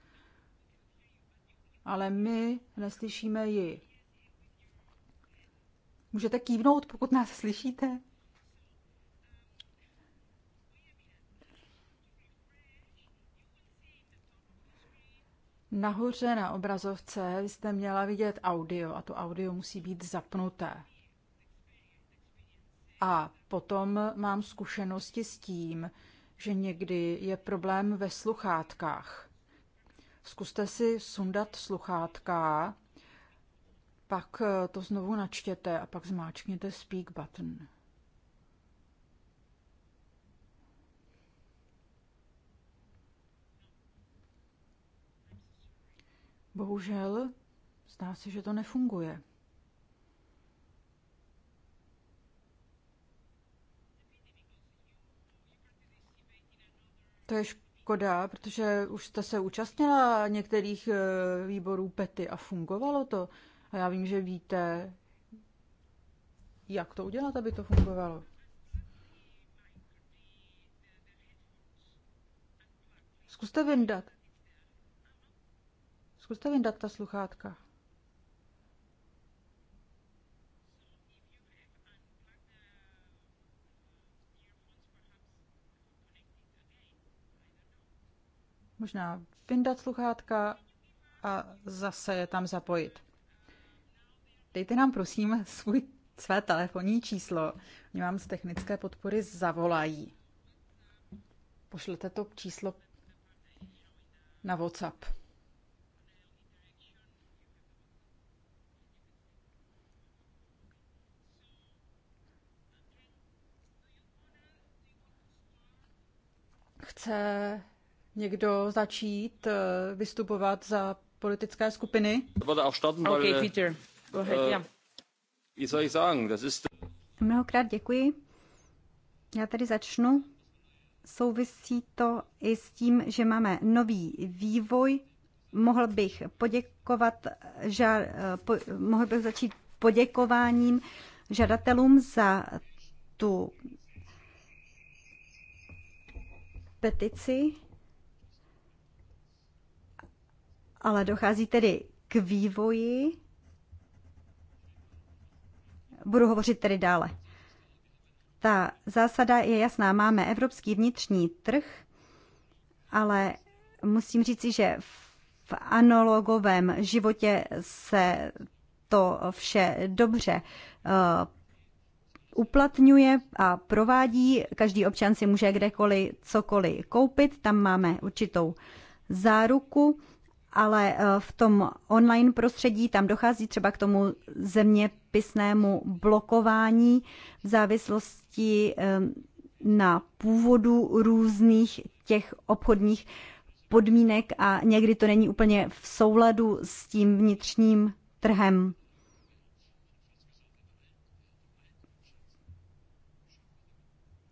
Ale my neslyšíme ji. Můžete kývnout, pokud nás slyšíte? Nahoře na obrazovce jste měla vidět audio a to audio musí být zapnuté. A potom mám zkušenosti s tím, že někdy je problém ve sluchátkách. Zkuste si sundat sluchátka, pak to znovu načtěte a pak zmáčkněte speak button. Bohužel, zdá se, že to nefunguje. To je škoda, protože už jste se účastnila některých eh, výborů PETY a fungovalo to. A já vím, že víte, jak to udělat, aby to fungovalo. Zkuste vyndat. Zkuste vyndat ta sluchátka. Možná vyndat sluchátka a zase je tam zapojit. Dejte nám prosím svůj, své telefonní číslo. Mě vám z technické podpory zavolají. Pošlete to číslo na WhatsApp. Chce někdo začít eh, vystupovat za politické skupiny? Okay, Peter. Go ahead, äh, yeah. Mnohokrát děkuji. Já tady začnu. Souvisí to i s tím, že máme nový vývoj. Mohl bych poděkovat, že, eh, po, mohl bych začít poděkováním žadatelům za tu petici. ale dochází tedy k vývoji. Budu hovořit tedy dále. Ta zásada je jasná. Máme evropský vnitřní trh, ale musím říci, že v analogovém životě se to vše dobře eh, uplatňuje a provádí. Každý občan si může kdekoliv cokoliv koupit. Tam máme určitou záruku ale eh, v tom online prostředí tam dochází třeba k tomu zeměpisnému blokování v závislosti ehm, na původu různých těch obchodních podmínek a někdy to není úplně v souladu s tím vnitřním trhem.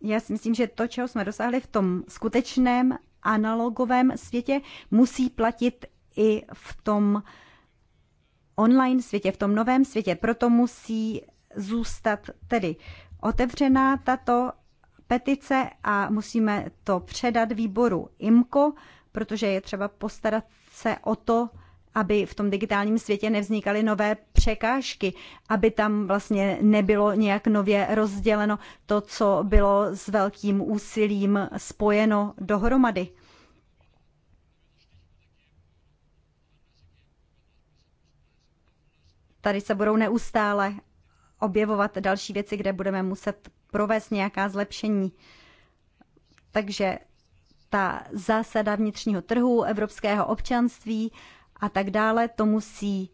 Já si myslím, že to, čeho jsme dosáhli v tom skutečném analogovém světě, musí platit i v tom online světě, v tom novém světě. Proto musí zůstat tedy otevřená tato petice a musíme to předat výboru IMKO, protože je třeba postarat se o to, aby v tom digitálním světě nevznikaly nové překážky, aby tam vlastně nebylo nějak nově rozděleno to, co bylo s velkým úsilím spojeno dohromady. Tady se budou neustále objevovat další věci, kde budeme muset provést nějaká zlepšení. Takže ta zásada vnitřního trhu, evropského občanství a tak dále, to musí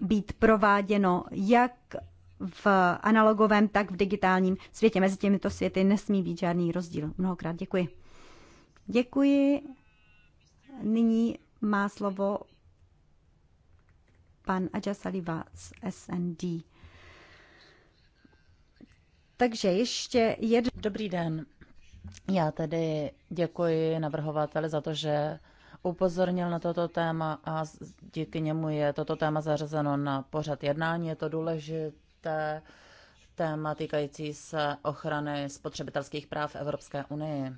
být prováděno jak v analogovém, tak v digitálním světě. Mezi těmito světy nesmí být žádný rozdíl. Mnohokrát děkuji. Děkuji. Nyní má slovo pan Aja Saliva z SND. Takže ještě jeden... Dobrý den. Já tedy děkuji navrhovateli za to, že upozornil na toto téma a díky němu je toto téma zařazeno na pořad jednání. Je to důležité téma týkající se ochrany spotřebitelských práv Evropské unii.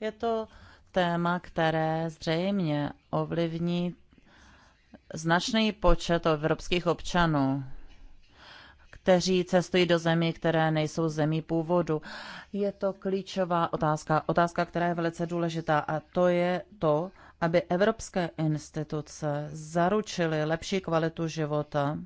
Je to téma, které zřejmě ovlivní značný počet evropských občanů, kteří cestují do zemí, které nejsou zemí původu. Je to klíčová otázka, otázka, která je velice důležitá a to je to, aby evropské instituce zaručily lepší kvalitu života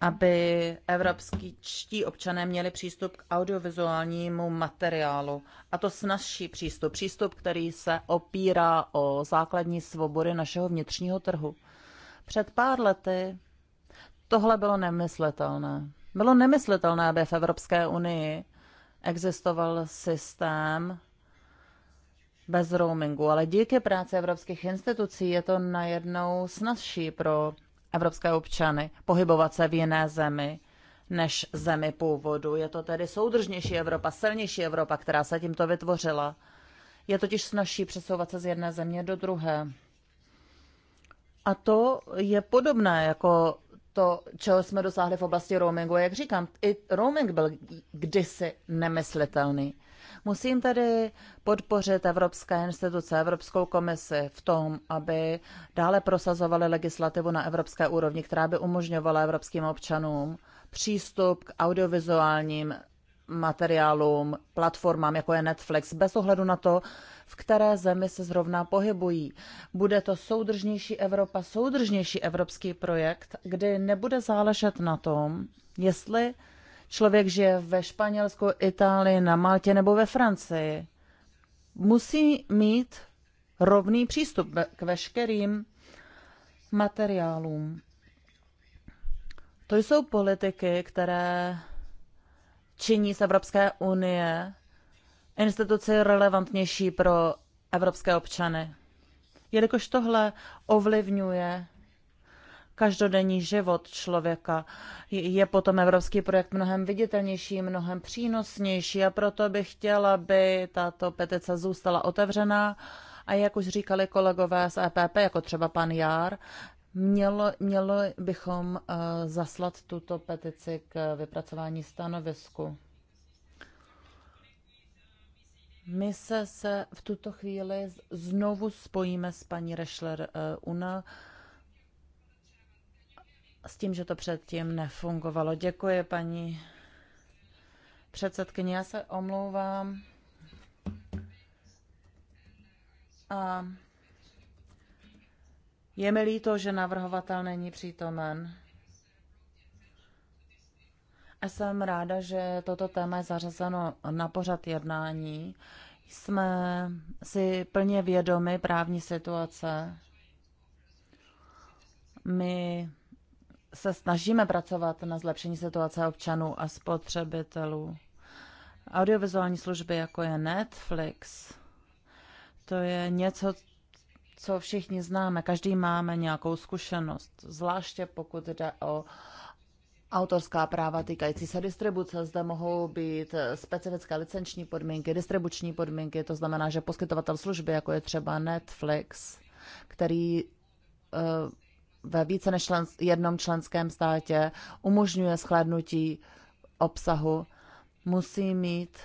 aby evropskí občané měli přístup k audiovizuálnímu materiálu. A to snazší přístup, přístup, který se opírá o základní svobody našeho vnitřního trhu. Před pár lety tohle bylo nemyslitelné. Bylo nemyslitelné, aby v Evropské unii existoval systém bez roamingu, ale díky práci evropských institucí je to najednou snazší pro evropské občany pohybovat se v jiné zemi než zemi původu. Je to tedy soudržnější Evropa, silnější Evropa, která se tímto vytvořila. Je totiž snažší přesouvat se z jedné země do druhé. A to je podobné jako to, čeho jsme dosáhli v oblasti roamingu. Jak říkám, i roaming byl kdysi nemyslitelný. Musím tedy podpořit evropské instituce, Evropskou komisi v tom, aby dále prosazovali legislativu na evropské úrovni, která by umožňovala evropským občanům přístup k audiovizuálním materiálům, platformám, jako je Netflix, bez ohledu na to, v které zemi se zrovna pohybují. Bude to soudržnější Evropa, soudržnější evropský projekt, kdy nebude záležet na tom, jestli člověk žije ve Španělsku, Itálii, na Maltě nebo ve Francii, musí mít rovný přístup k veškerým materiálům. To jsou politiky, které činí z Evropské unie instituci relevantnější pro evropské občany. Jelikož tohle ovlivňuje každodenní život člověka. Je potom evropský projekt mnohem viditelnější, mnohem přínosnější a proto bych chtěla, aby tato petice zůstala otevřená a jak už říkali kolegové z EPP, jako třeba pan Jár, Mělo, mělo bychom uh, zaslat tuto petici k vypracování stanovisku. My se, se v tuto chvíli znovu spojíme s paní Rešler uh, Una. Uh, s tím, že to předtím nefungovalo. Děkuji, paní předsedkyně. Já se omlouvám. A je mi líto, že navrhovatel není přítomen. A jsem ráda, že toto téma je zařazeno na pořad jednání. Jsme si plně vědomi právní situace. My se snažíme pracovat na zlepšení situace občanů a spotřebitelů. Audiovizuální služby, jako je Netflix, to je něco, co všichni známe. Každý máme nějakou zkušenost, zvláště pokud jde o autorská práva týkající se distribuce. Zde mohou být specifické licenční podmínky, distribuční podmínky, to znamená, že poskytovatel služby, jako je třeba Netflix, který eh, ve více než člen, jednom členském státě, umožňuje schladnutí obsahu, musí mít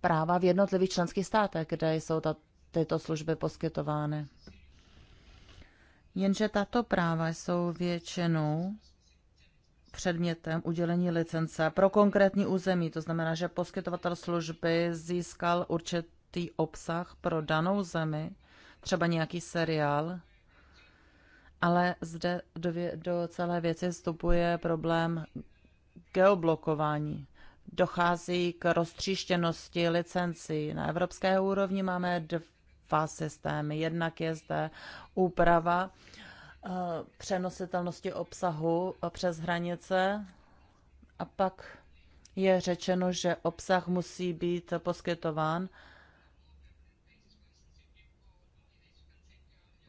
práva v jednotlivých členských státech, kde jsou ta, tyto služby poskytovány. Jenže tato práva jsou většinou předmětem udělení licence pro konkrétní území. To znamená, že poskytovatel služby získal určitý obsah pro danou zemi, třeba nějaký seriál, ale zde do, do celé věci vstupuje problém geoblokování. Dochází k roztříštěnosti licencí. Na evropské úrovni máme dva systémy. Jednak je zde úprava eh, přenositelnosti obsahu přes hranice a pak je řečeno, že obsah musí být poskytován,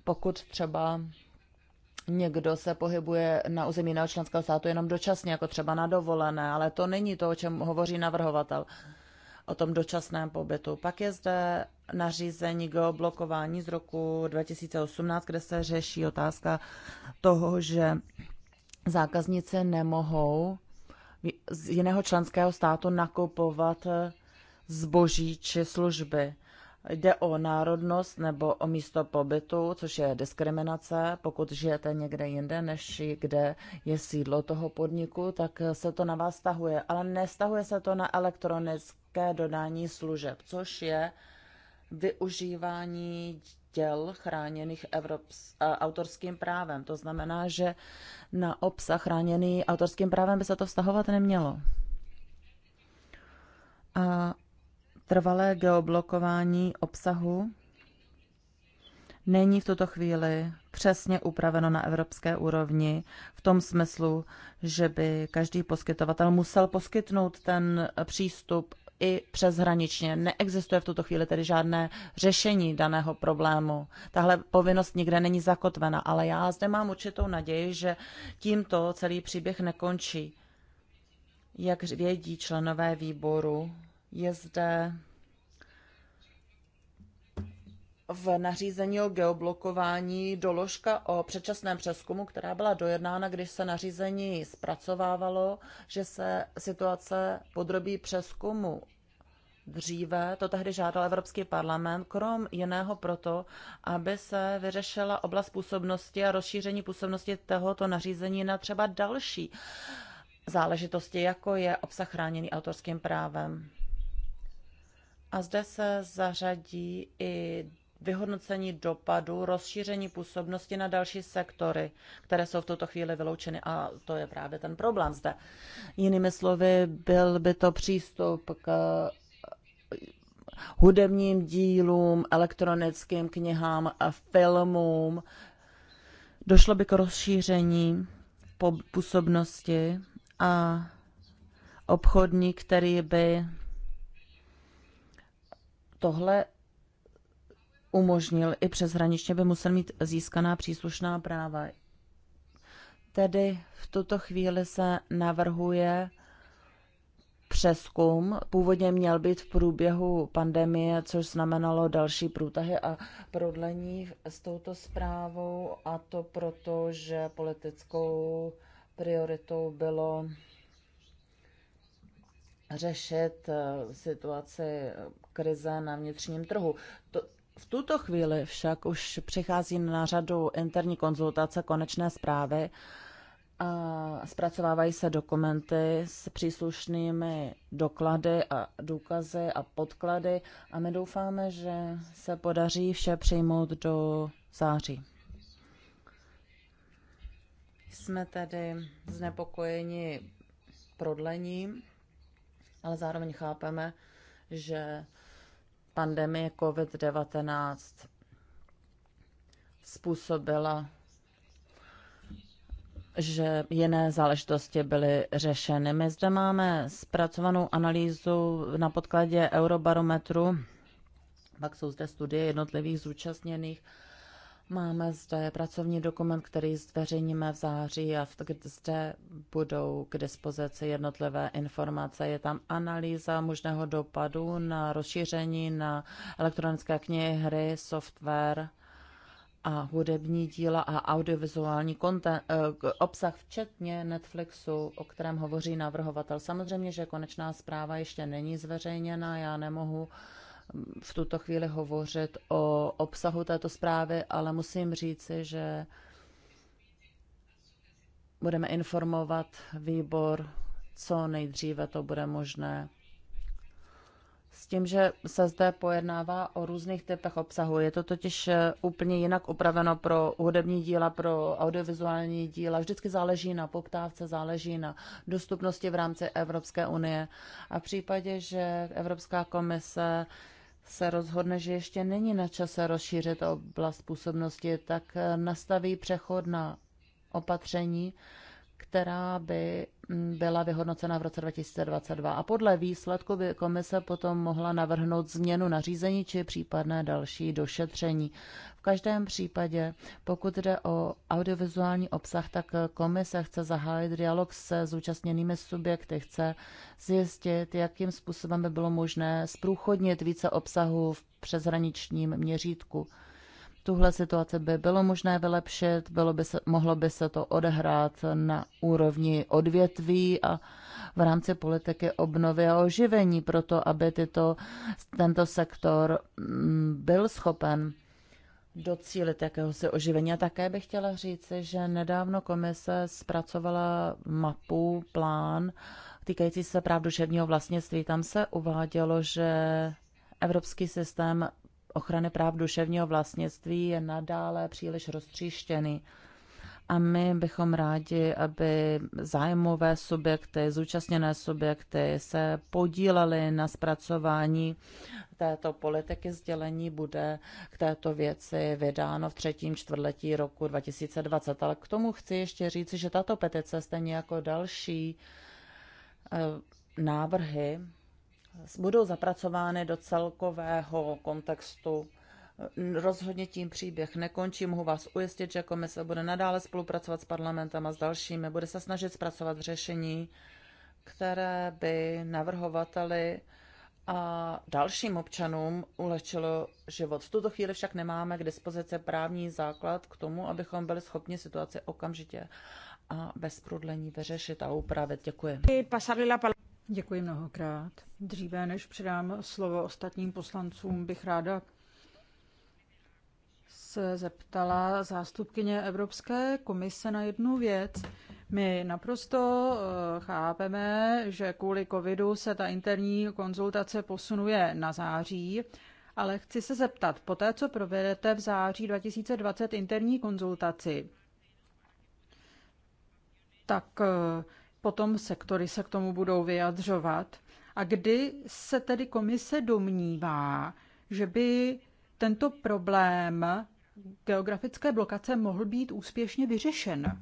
pokud třeba někdo se pohybuje na území jiného členského státu jenom dočasně, jako třeba na dovolené, ale to není to, o čem hovoří navrhovatel o tom dočasném pobytu. Pak je zde nařízení geoblokování z roku 2018, kde se řeší otázka toho, že zákazníci nemohou z jiného členského státu nakupovat zboží či služby jde o národnost nebo o místo pobytu, což je diskriminace. Pokud žijete někde jinde, než kde je sídlo toho podniku, tak se to na vás stahuje. Ale nestahuje se to na elektronické dodání služeb, což je využívání děl chráněných Evrops, autorským právem. To znamená, že na obsah chráněný autorským právem by se to vztahovat nemělo. A trvalé geoblokování obsahu není v tuto chvíli přesně upraveno na evropské úrovni v tom smyslu, že by každý poskytovatel musel poskytnout ten přístup i přeshraničně. Neexistuje v tuto chvíli tedy žádné řešení daného problému. Tahle povinnost nikde není zakotvena, ale já zde mám určitou naději, že tímto celý příběh nekončí. Jak vědí členové výboru, je zde v nařízení o geoblokování doložka o předčasném přeskumu, která byla dojednána, když se nařízení zpracovávalo, že se situace podrobí přeskumu dříve, to tehdy žádal Evropský parlament, krom jiného proto, aby se vyřešila oblast působnosti a rozšíření působnosti tohoto nařízení na třeba další záležitosti, jako je obsah chráněný autorským právem. A zde se zařadí i vyhodnocení dopadu, rozšíření působnosti na další sektory, které jsou v tuto chvíli vyloučeny. A to je právě ten problém zde. Jinými slovy, byl by to přístup k eh, hudebním dílům, elektronickým knihám a filmům. Došlo by k rozšíření působnosti a obchodník, který by tohle umožnil i přeshraničně, by musel mít získaná příslušná práva. Tedy v tuto chvíli se navrhuje přeskum. Původně měl být v průběhu pandemie, což znamenalo další průtahy a prodlení s touto zprávou a to proto, že politickou prioritou bylo řešit eh, situaci krize na vnitřním trhu. To, v tuto chvíli však už přichází na řadu interní konzultace konečné zprávy a zpracovávají se dokumenty s příslušnými doklady a důkazy a podklady a my doufáme, že se podaří vše přijmout do září. Jsme tedy znepokojeni prodlením, ale zároveň chápeme, že pandemie COVID-19 způsobila, že jiné záležitosti byly řešeny. My zde máme zpracovanou analýzu na podkladě Eurobarometru, pak jsou zde studie jednotlivých zúčastněných Máme zde pracovní dokument, který zveřejníme v září a zde budou k dispozici jednotlivé informace. Je tam analýza možného dopadu na rozšíření na elektronické knihy, hry, software a hudební díla a audiovizuální content, eh, obsah, včetně Netflixu, o kterém hovoří navrhovatel. Samozřejmě, že konečná zpráva ještě není zveřejněna, já nemohu uh, v tuto chvíli hovořit o obsahu této zprávy, ale musím říci, že budeme informovat výbor, co nejdříve to bude možné. S tím, že se zde pojednává o různých typech obsahu. Je to totiž eh, úplně jinak upraveno pro hudební díla, pro audiovizuální díla. Vždycky záleží na poptávce, záleží na dostupnosti v rámci Evropské unie. A v případě, že Evropská komise se rozhodne, že ještě není na čase rozšířit oblast působnosti, tak nastaví na opatření, která by mm, byla vyhodnocena v roce 2022 a podle výsledku by komise potom mohla navrhnout změnu nařízení či případné další došetření. V každém případě, pokud jde o audiovizuální obsah, tak komise chce zahájit dialog se zúčastněnými subjekty, chce zjistit, jakým způsobem by bylo možné zprůchodnit více obsahu v přeshraničním měřítku. Tuhle situaci by bylo možné vylepšit, bylo by se, mohlo by se to odehrát na úrovni odvětví a v rámci politiky obnovy a oživení, proto aby tyto, tento sektor mm, byl schopen docílit jakéhosi oživení. A také bych chtěla říci, že nedávno komise zpracovala mapu, plán týkající se práv duševního vlastnictví. Tam se uvádělo, že evropský systém ochrany práv duševního vlastnictví je nadále příliš roztříštěný. A my bychom rádi, aby zájmové subjekty, zúčastněné subjekty se podílely na zpracování této politiky. Sdělení bude k této věci vydáno v třetím čtvrtletí roku 2020. Ale k tomu chci ještě říci, že tato petice, stejně jako další eh, návrhy, budou zapracovány do celkového kontextu. Rozhodně tím příběh nekončí. Mohu vás ujistit, že komise bude nadále spolupracovat s parlamentem a s dalšími. Bude se snažit zpracovat řešení, které by navrhovateli a dalším občanům ulehčilo život. V tuto chvíli však nemáme k dispozici právní základ k tomu, abychom byli schopni situaci okamžitě a bez prudlení vyřešit a upravit. Děkuji. Děkuji mnohokrát. Dříve než předám slovo ostatním poslancům, bych ráda se zeptala zástupkyně Evropské komise na jednu věc. My naprosto eh, chápeme, že kvůli covidu se ta interní konzultace posunuje na září, ale chci se zeptat, po té, co provedete v září 2020 interní konzultaci, tak eh, potom sektory se k tomu budou vyjadřovat. A kdy se tedy komise domnívá, že by tento problém geografické blokace mohl být úspěšně vyřešen?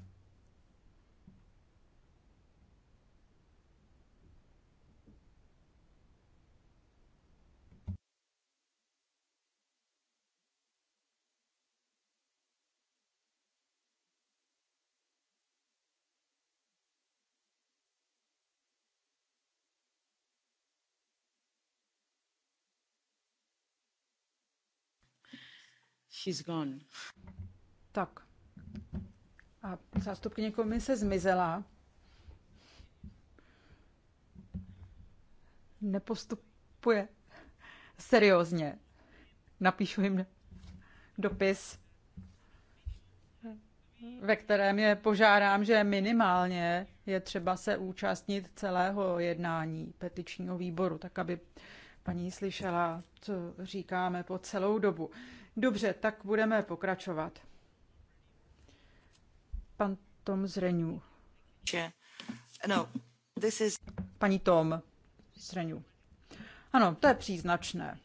She's gone. Tak. A zástupkyně komise zmizela. Nepostupuje seriózně. Napíšu jim dopis, ve kterém je požádám, že minimálně je třeba se účastnit celého jednání petičního výboru, tak aby paní slyšela, co říkáme po celou dobu. Dobře, tak budeme pokračovat. Pan Tom Zreňů. No, this is... Paní Tom Zreňů. Ano, to je příznačné.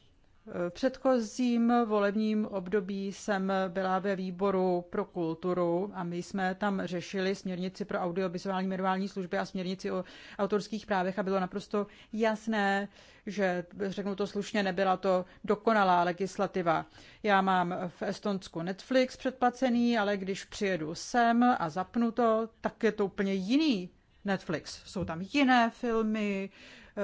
V předchozím volebním období jsem byla ve výboru pro kulturu a my jsme tam řešili směrnici pro audiovizuální mediální služby a směrnici o autorských právech a bylo naprosto jasné, že řeknu to slušně, nebyla to dokonalá legislativa. Já mám v Estonsku Netflix předplacený, ale když přijedu sem a zapnu to, tak je to úplně jiný Netflix. Jsou tam jiné filmy, Eh,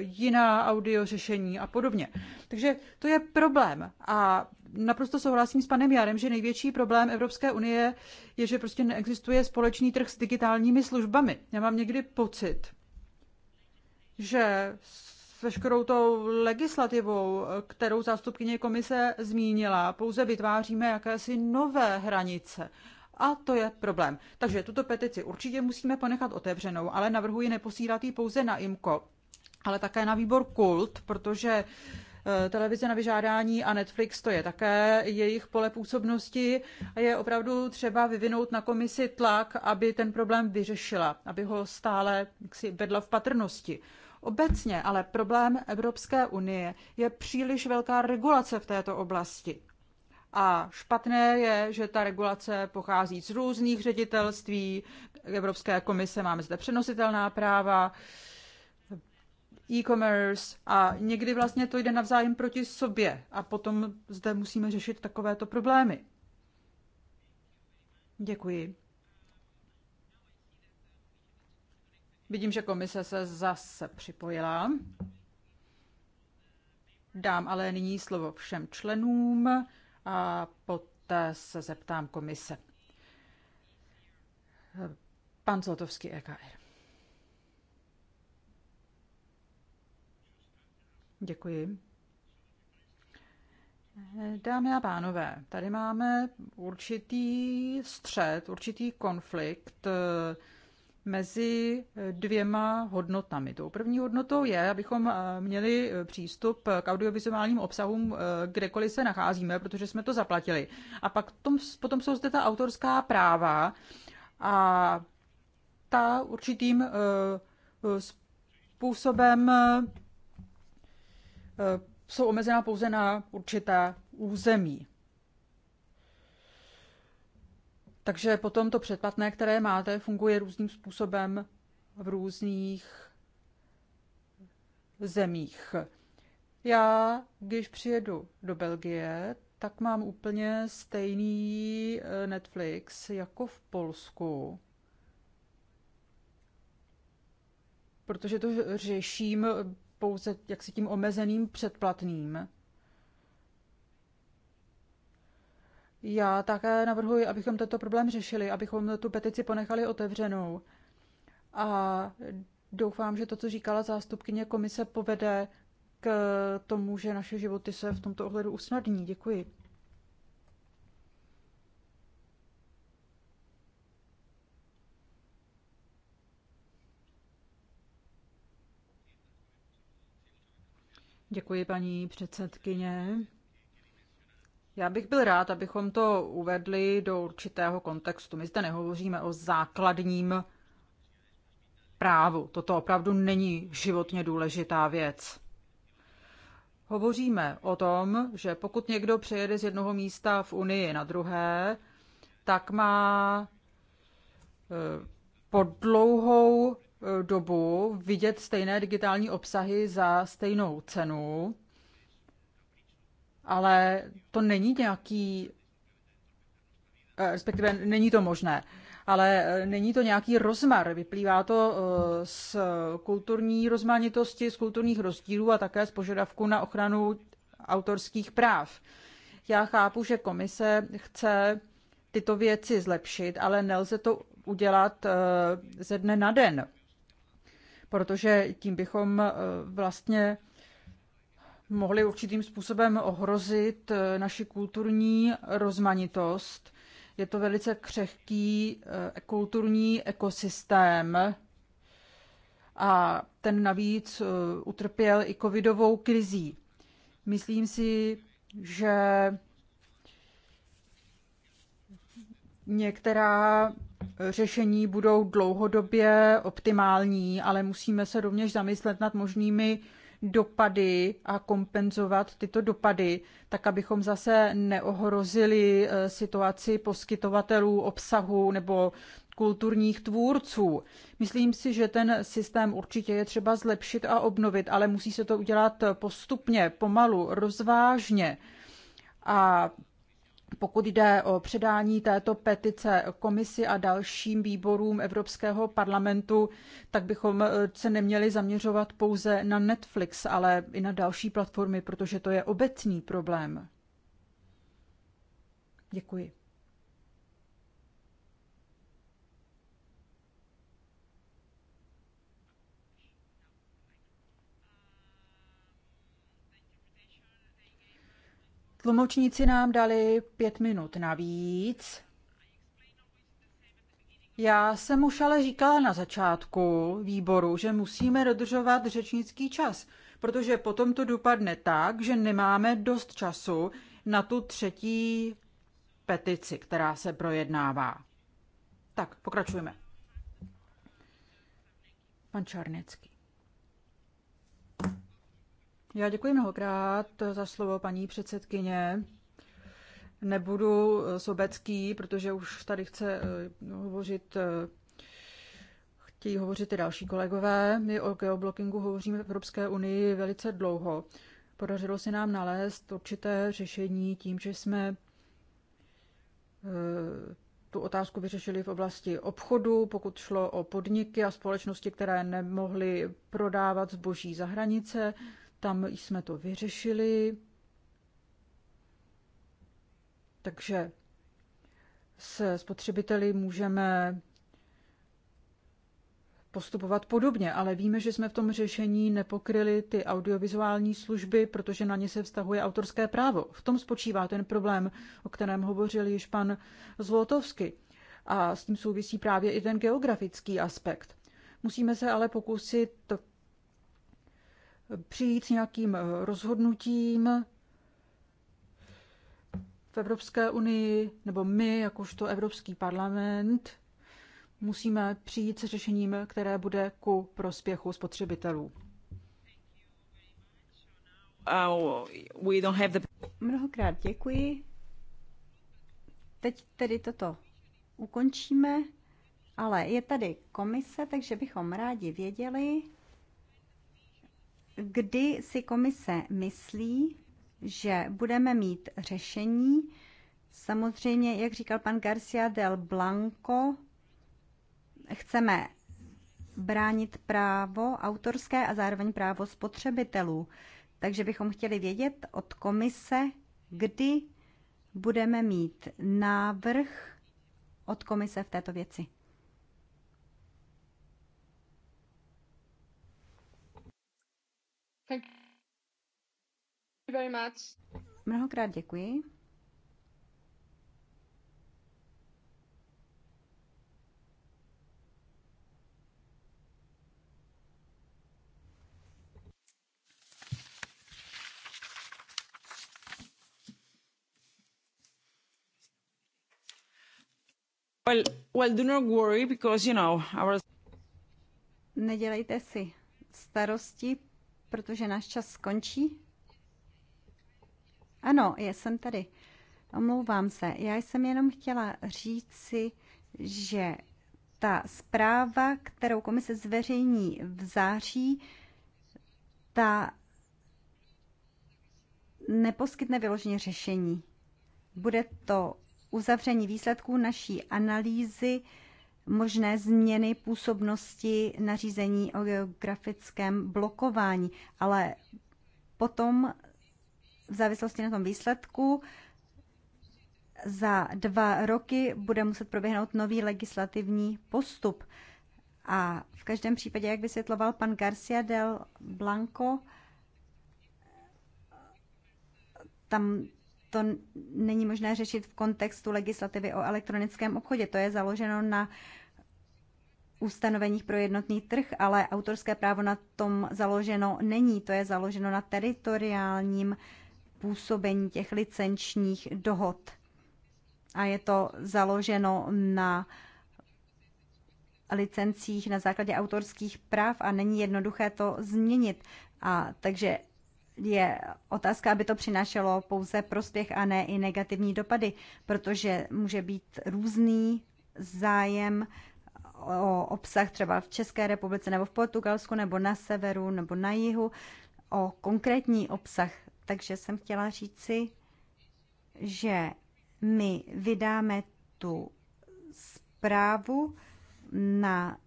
jiná audio řešení a podobně. Takže to je problém a naprosto souhlasím s panem Jarem, že největší problém Evropské unie je, že prostě neexistuje společný trh s digitálními službami. Já mám někdy pocit, že veškerou tou legislativou, kterou zástupkyně komise zmínila, pouze vytváříme jakési nové hranice. A to je problém. Takže tuto petici určitě musíme ponechat otevřenou, ale navrhuji neposílat ji pouze na IMKO, ale také na výbor Kult, protože eh, televize na vyžádání a Netflix, to je také jejich pole působnosti a je opravdu třeba vyvinout na komisi tlak, aby ten problém vyřešila, aby ho stále si vedla v patrnosti. Obecně ale problém Evropské unie je příliš velká regulace v této oblasti. A špatné je, že ta regulace pochází z různých ředitelství Evropské komise, máme zde přenositelná práva, e-commerce a někdy vlastně to jde navzájem proti sobě a potom zde musíme řešit takovéto problémy. Děkuji. Vidím, že komise se zase připojila. Dám ale nyní slovo všem členům a poté se zeptám komise. Pan Zlotovský, EKR. Děkuji. Dámy a pánové, tady máme určitý střed, určitý konflikt eh, mezi dvěma hodnotami. Tou první hodnotou je, abychom eh, měli přístup k audiovizuálním obsahům, eh, kdekoliv se nacházíme, protože jsme to zaplatili. A pak tom, potom jsou zde ta autorská práva a ta určitým způsobem Eh, jsou omezená pouze na určité území. Takže potom to předplatné, které máte, funguje různým způsobem v různých zemích. Já, když přijedu do Belgie, tak mám úplně stejný eh, Netflix jako v Polsku. Protože to řeším pouze jaksi tím omezeným předplatným. Já také navrhuji, abychom tento problém řešili, abychom tu petici ponechali otevřenou. A doufám, že to, co říkala zástupkyně komise, povede k tomu, že naše životy se v tomto ohledu usnadní. Děkuji. Děkuji, paní předsedkyně. Já bych byl rád, abychom to uvedli do určitého kontextu. My zde nehovoříme o základním právu. Toto opravdu není životně důležitá věc. Hovoříme o tom, že pokud někdo přejede z jednoho místa v Unii na druhé, tak má eh, po dlouhou dobu vidět stejné digitální obsahy za stejnou cenu, ale to není nějaký, eh, respektive není to možné, ale eh, není to nějaký rozmar. Vyplývá to eh, z kulturní rozmanitosti, z kulturních rozdílů a také z požadavku na ochranu autorských práv. Já chápu, že komise chce tyto věci zlepšit, ale nelze to udělat ze dne na den protože tím bychom eh, vlastně mohli určitým způsobem ohrozit eh, naši kulturní rozmanitost. Je to velice křehký eh, kulturní ekosystém a ten navíc utrpěl i covidovou krizí. Myslím si, že některá řešení budou dlouhodobě optimální, ale musíme se rovněž zamyslet nad možnými dopady a kompenzovat tyto dopady, tak abychom zase neohrozili eh, situaci poskytovatelů obsahu nebo kulturních tvůrců. Myslím si, že ten systém určitě je třeba zlepšit a obnovit, ale musí se to udělat postupně, pomalu, rozvážně. A pokud jde o předání této petice komisi a dalším výborům Evropského parlamentu, tak bychom eh, se neměli zaměřovat pouze na Netflix, ale i na další platformy, protože to je obecný problém. Děkuji. Tlumočníci nám dali pět minut navíc. Já jsem už ale říkala na začátku výboru, že musíme dodržovat řečnický čas, protože potom to dopadne tak, že nemáme dost času na tu třetí petici, která se projednává. Tak, pokračujeme. Pan Čarnecký. Já děkuji mnohokrát za slovo, paní předsedkyně. Nebudu eh, sobecký, protože už tady chce eh, hovořit eh, chtějí hovořit i další kolegové. My o geoblockingu hovoříme v Evropské unii velice dlouho. Podařilo se nám nalézt určité řešení tím, že jsme tu otázku vyřešili v oblasti obchodu, pokud šlo o podniky a společnosti, které nemohly prodávat zboží za hranice. Tam jsme to vyřešili. Takže se spotřebiteli můžeme postupovat podobně, ale víme, že jsme v tom řešení nepokryli ty audiovizuální služby, protože na ně se vztahuje autorské právo. V tom spočívá ten problém, o kterém hovořil již pan Zlotovsky. A s tím souvisí právě i ten geografický aspekt. Musíme se ale pokusit přijít s nějakým eh, rozhodnutím v Evropské unii, nebo my, jakožto Evropský parlament, musíme přijít s řešením, které bude ku prospěchu spotřebitelů. Oh, Mnohokrát děkuji. Teď tedy toto ukončíme, ale je tady komise, takže bychom rádi věděli, kdy si komise myslí, že budeme mít řešení. Samozřejmě, jak říkal pan Garcia del Blanco, chceme bránit právo autorské a zároveň právo spotřebitelů. Takže bychom chtěli vědět od komise, kdy budeme mít návrh od komise v této věci. Thank you very much. Mnohokrát děkuji. Well, well, do not worry because, you know, our... Nedělejte si starosti, protože náš čas skončí. Ano, já jsem tady. Omlouvám se. Já jsem jenom chtěla říci, že ta zpráva, kterou komise zveřejní v září, ta neposkytne vyloženě řešení. Bude to uzavření výsledků naší analýzy možné změny působnosti nařízení o geografickém blokování, ale potom v závislosti na tom výsledku za dva roky bude muset proběhnout nový legislativní postup. A v každém případě, jak vysvětloval pan Garcia del Blanco, tam to není možné řešit v kontextu legislativy o elektronickém obchodě. To je založeno na ustanoveních pro jednotný trh, ale autorské právo na tom založeno není. To je založeno na teritoriálním působení těch licenčních dohod. A je to založeno na licencích na základě autorských práv a není jednoduché to změnit. A takže je otázka, aby to přinášelo pouze prospěch a ne i negativní dopady, protože může být různý zájem o obsah třeba v České republice nebo v Portugalsku nebo na severu nebo na jihu o konkrétní obsah. Takže jsem chtěla říci, že my vydáme tu zprávu na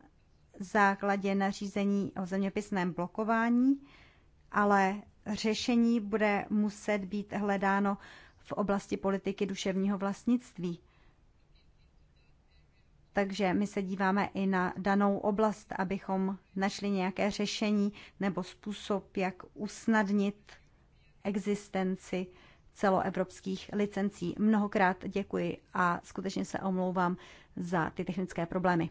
základě nařízení o zeměpisném blokování, ale řešení bude muset být hledáno v oblasti politiky duševního vlastnictví. Takže my se díváme i na danou oblast, abychom našli nějaké řešení nebo způsob, jak usnadnit existenci celoevropských licencí. Mnohokrát děkuji a skutečně se omlouvám za ty technické problémy.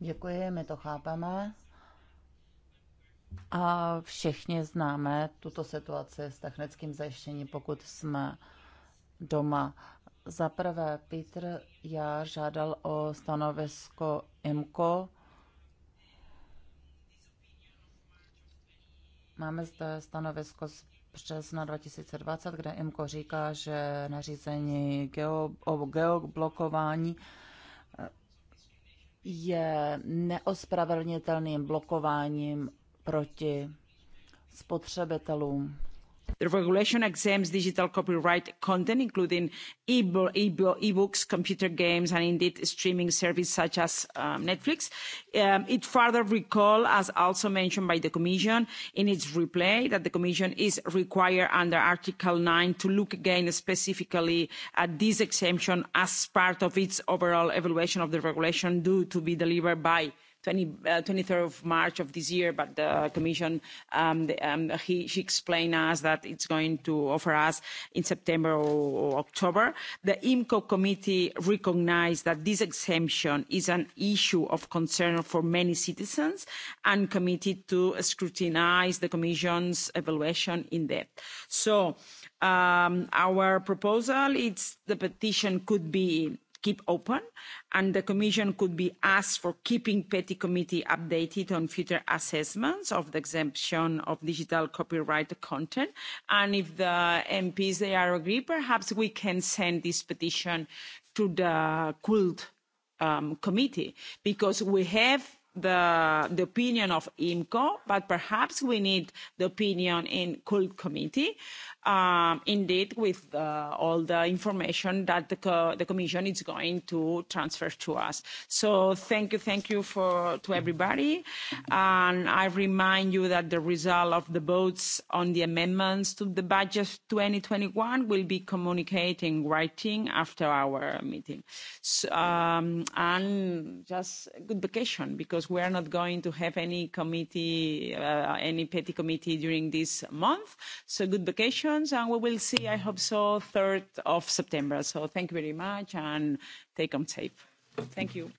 Děkuji, my to chápeme. A všichni známe tuto situaci s technickým zajištěním, pokud jsme doma. Za prvé, Petr já žádal o stanovisko IMCO. Máme zde stanovisko z března 2020, kde IMCO říká, že nařízení geo, o geoblokování je neospravedlnitelným blokováním proti spotřebitelům. The regulation exempts digital copyright content, including e-books, computer games, and indeed streaming services such as um, Netflix. Um, it further recalls, as also mentioned by the Commission in its reply, that the Commission is required under Article 9 to look again specifically at this exemption as part of its overall evaluation of the regulation due to be delivered by 20, uh, 23rd of March of this year, but the Commission, um, the, um, he, she explained us that it's going to offer us in September or, or October. The IMCO committee recognized that this exemption is an issue of concern for many citizens and committed to scrutinize the Commission's evaluation in depth. So um, our proposal is the petition could be keep open and the commission could be asked for keeping peti committee updated on future assessments of the exemption of digital copyright content and if the mps they are agree perhaps we can send this petition to the cult um, committee because we have the, the opinion of IMCO, but perhaps we need the opinion in cult committee um, indeed with uh, all the information that the, co the Commission is going to transfer to us. So thank you, thank you for, to everybody. And I remind you that the result of the votes on the amendments to the budget 2021 will be communicated writing after our meeting. So, um, and just good vacation because we are not going to have any committee, uh, any petty committee during this month. So good vacation questions, and we will see, I hope so, 3rd of September. So thank you very much, and take them safe. Thank you.